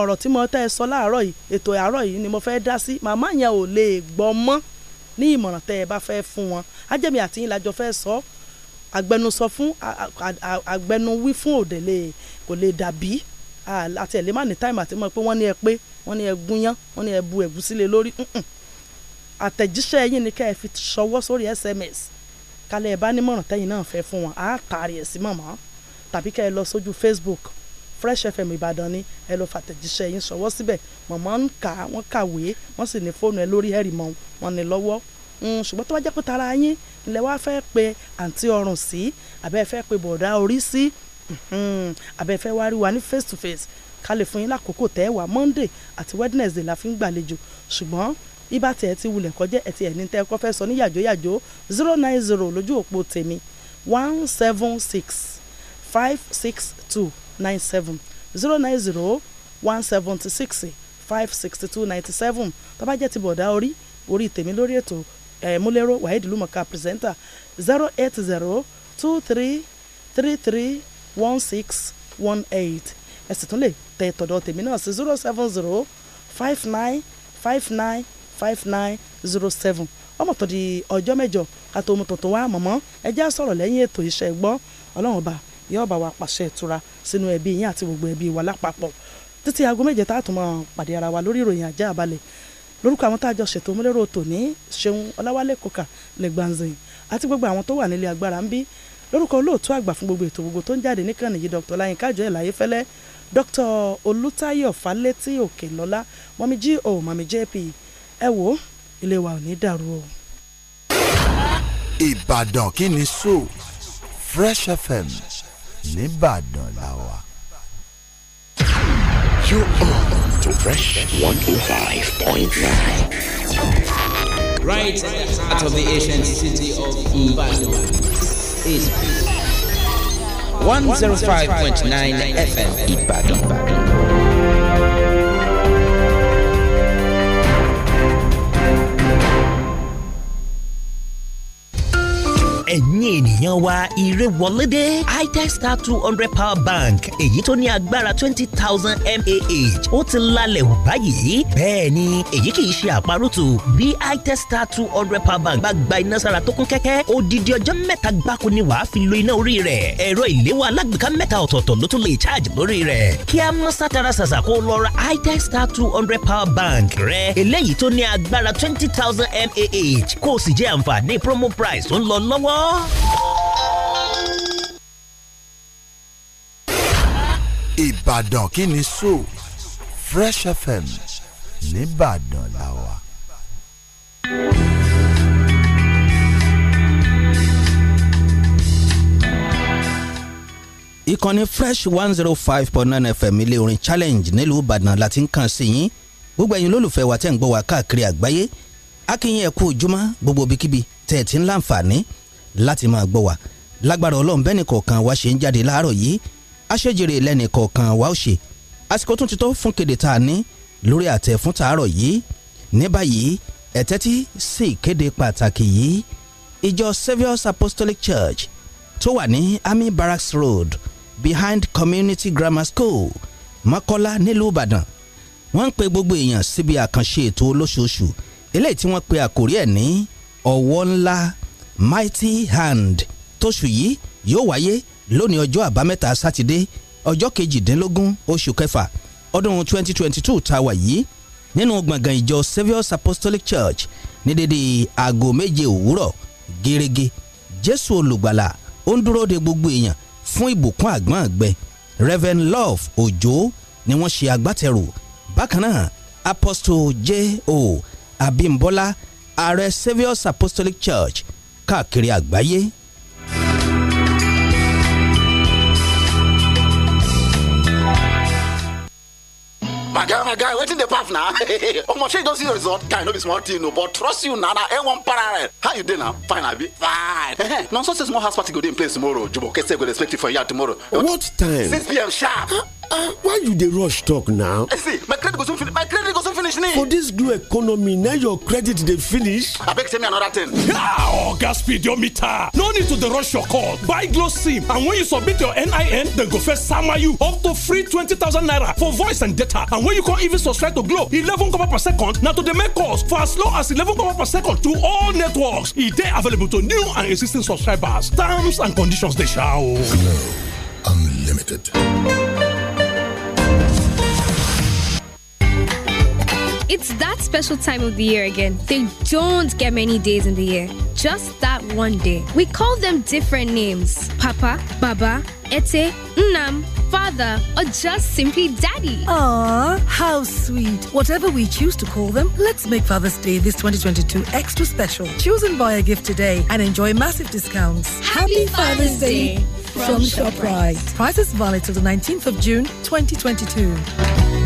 ọ̀rọ̀ tí mo tẹ́ ẹ sọ láàárọ̀ yìí ètò àárọ̀ yìí ni mo fẹ́ dá sí màmá yẹn ò lè gbọ́ mọ́ ní ìmọ̀ràn tẹ́ ẹ bá fẹ́ fún wọn ajẹ́mi àti yín lájọ fẹ́ sọ agbẹnusọ fún agbẹnuwí fún òde lè kò lè dàbí àti ẹ̀ lè má ní táìmù àti mọ̀ pé wọ́n ní ẹ pé wọ́n ní ẹ gúnyán wọ́n ní ẹ bu ẹ̀gúsí lé lórí àtẹ̀jíṣẹ́ yín ni ká ẹ fi ṣọwọ́ sórí sms kálẹ̀ ẹ bá nímọ̀ràn tẹ́yìn náà fẹ́ fún wọn á ẹ̀ sí mọ̀mọ́ tàbí ká ẹ lọ sójú facebook fresh fm ìbàdàn ni ẹ lọ fàtẹ̀jíṣẹ́ yín ṣọwọ́ síbẹ̀ mọ̀mọ́ ń kà wọ́n kàwé wọ́n sì ní fóònù ẹ lórí ẹ̀rì mọ́ wọn ní lọ́wọ́ Mm, ṣùgbọ́n tó bá jẹ́ pé tara yín ilẹ̀ wa fẹ́ pe àǹtí ọrùn sí àbẹ́ fẹ́ pe bọ̀dá orí sí mm-hmm, àbẹ́ fẹ́ wá rí wa ní face to face ká lè fún yín lákòókò tẹ́ wà Monday àti Wednesday la fi ń gbàlejò ṣùgbọ́n ibà tẹ̀ ti wulẹ̀ kọjá ẹ̀ ti ẹ̀ ní tẹ́ ẹ kọ́ fẹ́ sọ ní yàjóyàjó zero nine zero lójú òpó tèmi one seven six five six two nine seven zero nine zero one seventy six five sixty two ninety seven tó bá jẹ́ ti bọ̀dá orí orí tèmi lórí ètò eh, múlẹ́rọ̀ waheed lumaka presenter zero eight zero two three three three one six one eight ẹ sì tún lè tẹ tọ̀dọ̀ tèmi náà sí zero seven zero five nine five nine five nine zero seven ọmọ tó di ọjọ́ mẹ́jọ kátó mu tuntun wá mọ̀mọ́ ẹjẹ́ sọ̀rọ̀ lẹ́yìn ètò iṣẹ́ gbọ́ ọlọ́run ọba yóò bá wa pàṣẹ ìtura sínú ẹbí yín àti gbogbo ẹbí wa lápapọ̀ títí aago méje tá a tún máa pàdé ara wa lórí ìròyìn ajá àbálẹ̀ lórúkọ àwọn tá ṣètò múlẹ́rọ̀ tòní ṣeun ọláwálé kòkà lẹ́gbàǹzìn àti gbogbo àwọn tó wà nílé agbára ń bí lórúkọ olóòtú àgbà fún gbogbo ètò gbogbo tó ń jáde níkànnì yìí dr láyínká jọ ìlàyé fẹ́lẹ́ dr olùtayọ̀ falẹ́tì òkèlọ́lá mọ́mí g o mọ́mí jp ẹ wo ilé wa ò ní dàrú o. ìbàdàn kí ni so fresh fm nìbàdàn làwà. You're on to Fresh 105.9. Right out of the ancient city of Ibadan is 105.9 FM Ibadan. ẹ̀yin ènìyàn wa ire wọlédé itel two hundred power bank èyí tó ní agbára twenty thousand mAh ó ti lálẹ̀ wù báyìí bẹ́ẹ̀ ni èyí kì í ṣe àparùtù bí itel two hundred power bank bá gba iná sára tó kún kẹ́kẹ́ odidi ọjọ́ mẹ́ta gbáko ni wàá fi lo iná orí rẹ̀ ẹ̀rọ ìléwọ́ alágbèéká mẹ́ta ọ̀tọ̀ọ̀tọ̀ ló tún lè charge lórí rẹ̀ kí a mọ́ sátara ṣàṣà kó lọ ra itel two hundred power bank rẹ̀ eléyìí tó ní agbára twenty thousand mAh kó o sì jẹ àǹfààní promo price tó ń lọ lọ́wọ́ Ìbàdàn kí ni so Fresh FM nìbàdàn la wà. ìkànnì fresh one zero oh five point nine fm ilé orin challenge nílùú ìbàdàn la ti ń kàn sí yín gbogbo ẹ̀yin lólùfẹ́ wa tẹ̀ ń gbọ́ wa káàkiri àgbáyé akínyìn ẹ̀kú ojúmọ́ gbogbo ibikíbi tẹ̀ ẹ̀ ti ń láǹfààní láti máa gbọ́ wa lágbára ọlọ́run bẹ́ẹ̀ nìkọ̀ọ̀kan wa ṣe ń jáde láàárọ̀ yìí aṣèjèrè lẹ́nìkọ̀ọ̀kan wa ó ṣe àsìkò tún ti tó fún kéde tá a ní lórí àtẹ fún tàárọ̀ yìí ní báyìí ẹ tẹ́tí sí ìkéde pàtàkì yìí ìjọ Saviour's Apostolic Church tó wà ní Army Barracks Road behind Community Grammar School Mọ́kọ́lá nílùú Ìbàdàn wọ́n ń pe gbogbo èèyàn síbi àkànṣe ètò olóṣooṣù eléyìí tí wọ́n pe àkórí ẹ̀ ní ọ̀wọ́ ńlá mighty hand tóṣù yìí yóò wáyé lónìí ọjọ́ àbámẹ́ta sátidé ọjọ́ kejìdínlógún oṣù kẹfà ọdún 2022 tá a wà yìí nínú gbọ̀ngàn ìjọ Saviour's Apostolic Church ní dédé aago méje òwúrọ̀ gẹ́rẹ́gẹ́ Jésù olùgbàlà ó ń dúró de gbogbo èèyàn fún ìbùkún àgbọ̀n àgbẹ̀ Reverend Love ojo ni wọ́n ṣe agbátẹrù bákan náà Apostle J.O. Abímbọ́lá ààrẹ Saviour's Apostolic Church káàkiri àgbáyé. my guy my guy wetin dey pass na omo shey you don see the result guy no be small thing o but trust you na na a one parallel how you dey na fine abi fine na so say small house party go dey in place tomorrow jubo kese go dey expect you for yard tomorrow. what time. 6pm sharp. Uh, uh, why you dey rush talk now. Eh, see my credit go soon finish my credit go soon conditioning. for this new economy now your credit they finish. I beg send me another thing. oga yeah, speed your meter no need to rush your call buy glo sim and when you submit your nin they go first sama you up to free twenty thousand naira for voice and data and when you can't even subscribe to glo eleven copper per second na to the make calls for as low as eleven copper per second to all networks e dey available to new and existing subscribers terms and conditions dey sha o. glo unlimited. It's that special time of the year again. They don't get many days in the year, just that one day. We call them different names Papa, Baba, Ete, Nnam, Father, or just simply Daddy. Ah, how sweet. Whatever we choose to call them, let's make Father's Day this 2022 extra special. Choose and buy a gift today and enjoy massive discounts. Happy, Happy Father's, Father's Day, Day from, from ShopRite. Prices valid till the 19th of June 2022.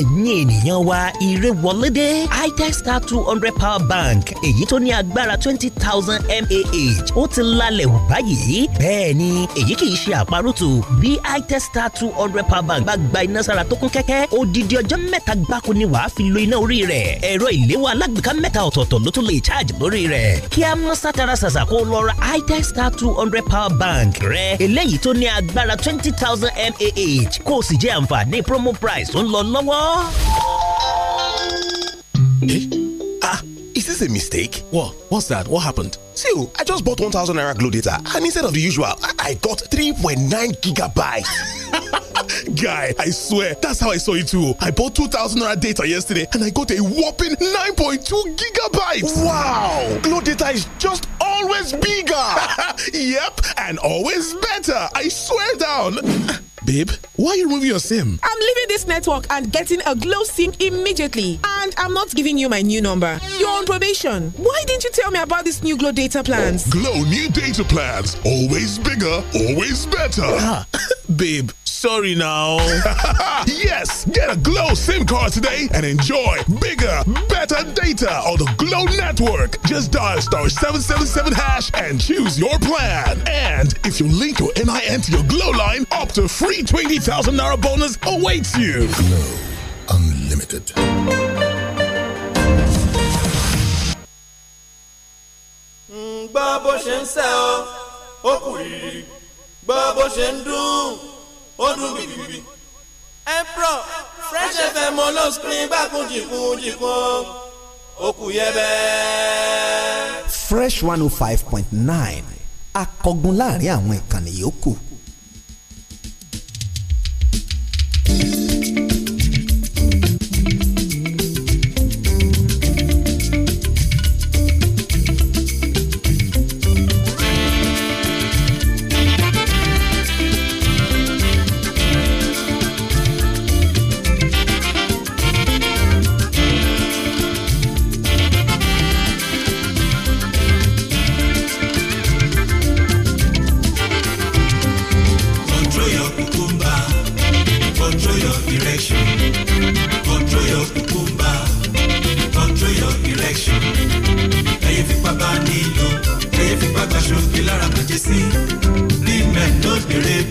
ẹ̀yin ènìyàn wa ire wọlédé idestar two hundred power bank èyí tó ní agbára twenty thousand mAh ó ti lálẹ̀ wù báyìí bẹ́ẹ̀ ni èyí kì í ṣe àparùtù bí idestar two hundred power bank bá gba iná sára tó kún kẹ́kẹ́ odidi ọjọ́ mẹ́ta gbáko ni wàá fi lo iná orí rẹ̀ ẹ̀rọ ìléwọ́ alágbèéká mẹ́ta ọ̀tọ̀ọ̀tọ̀ ló tún lè charge lórí rẹ̀ kí a mọ́ sátara ṣàṣà kó lọ ra idestar two hundred power bank rẹ̀ eléyìí tó ní agbára twenty thousand mAh kó o sì jẹ àǹfààní promo price tó ń lọ lọ́wọ́ Eh? Ah, is this a mistake? What? What's that? What happened? See, oh, I just bought 1000 Naira Glow data and instead of the usual, I got 3.9 gigabytes. Guy, I swear, that's how I saw it too. I bought 2000 Naira data yesterday and I got a whopping 9.2 gigabytes. Wow! Glow data is just always bigger. yep, and always better. I swear down. Babe, why are you removing your SIM? I'm leaving this network and getting a Glow SIM immediately. And I'm not giving you my new number. You're on probation. Why didn't you tell me about this new Glow data plans? Glow new data plans. Always bigger, always better. Ah, babe sorry now. yes, get a Glow SIM card today and enjoy bigger, better data on the Glow network. Just dial star 777 hash and choose your plan. And if you link your NIN to your Glow line, up to free 20,000 Naira bonus awaits you. Glow Unlimited. gbọ́ bó ṣe ń sẹ́ ọ ó kù gbọ́ bó ṣe ń dún. ó dún bìbìbì. ẹ̀pọ̀ Fresh FM olóòsìn gbàgùn jìkún jìkún òkú yẹ Fresh one oh five point nine akọgun láàrin àwọn ìkànnì yòókù. Leave men no ló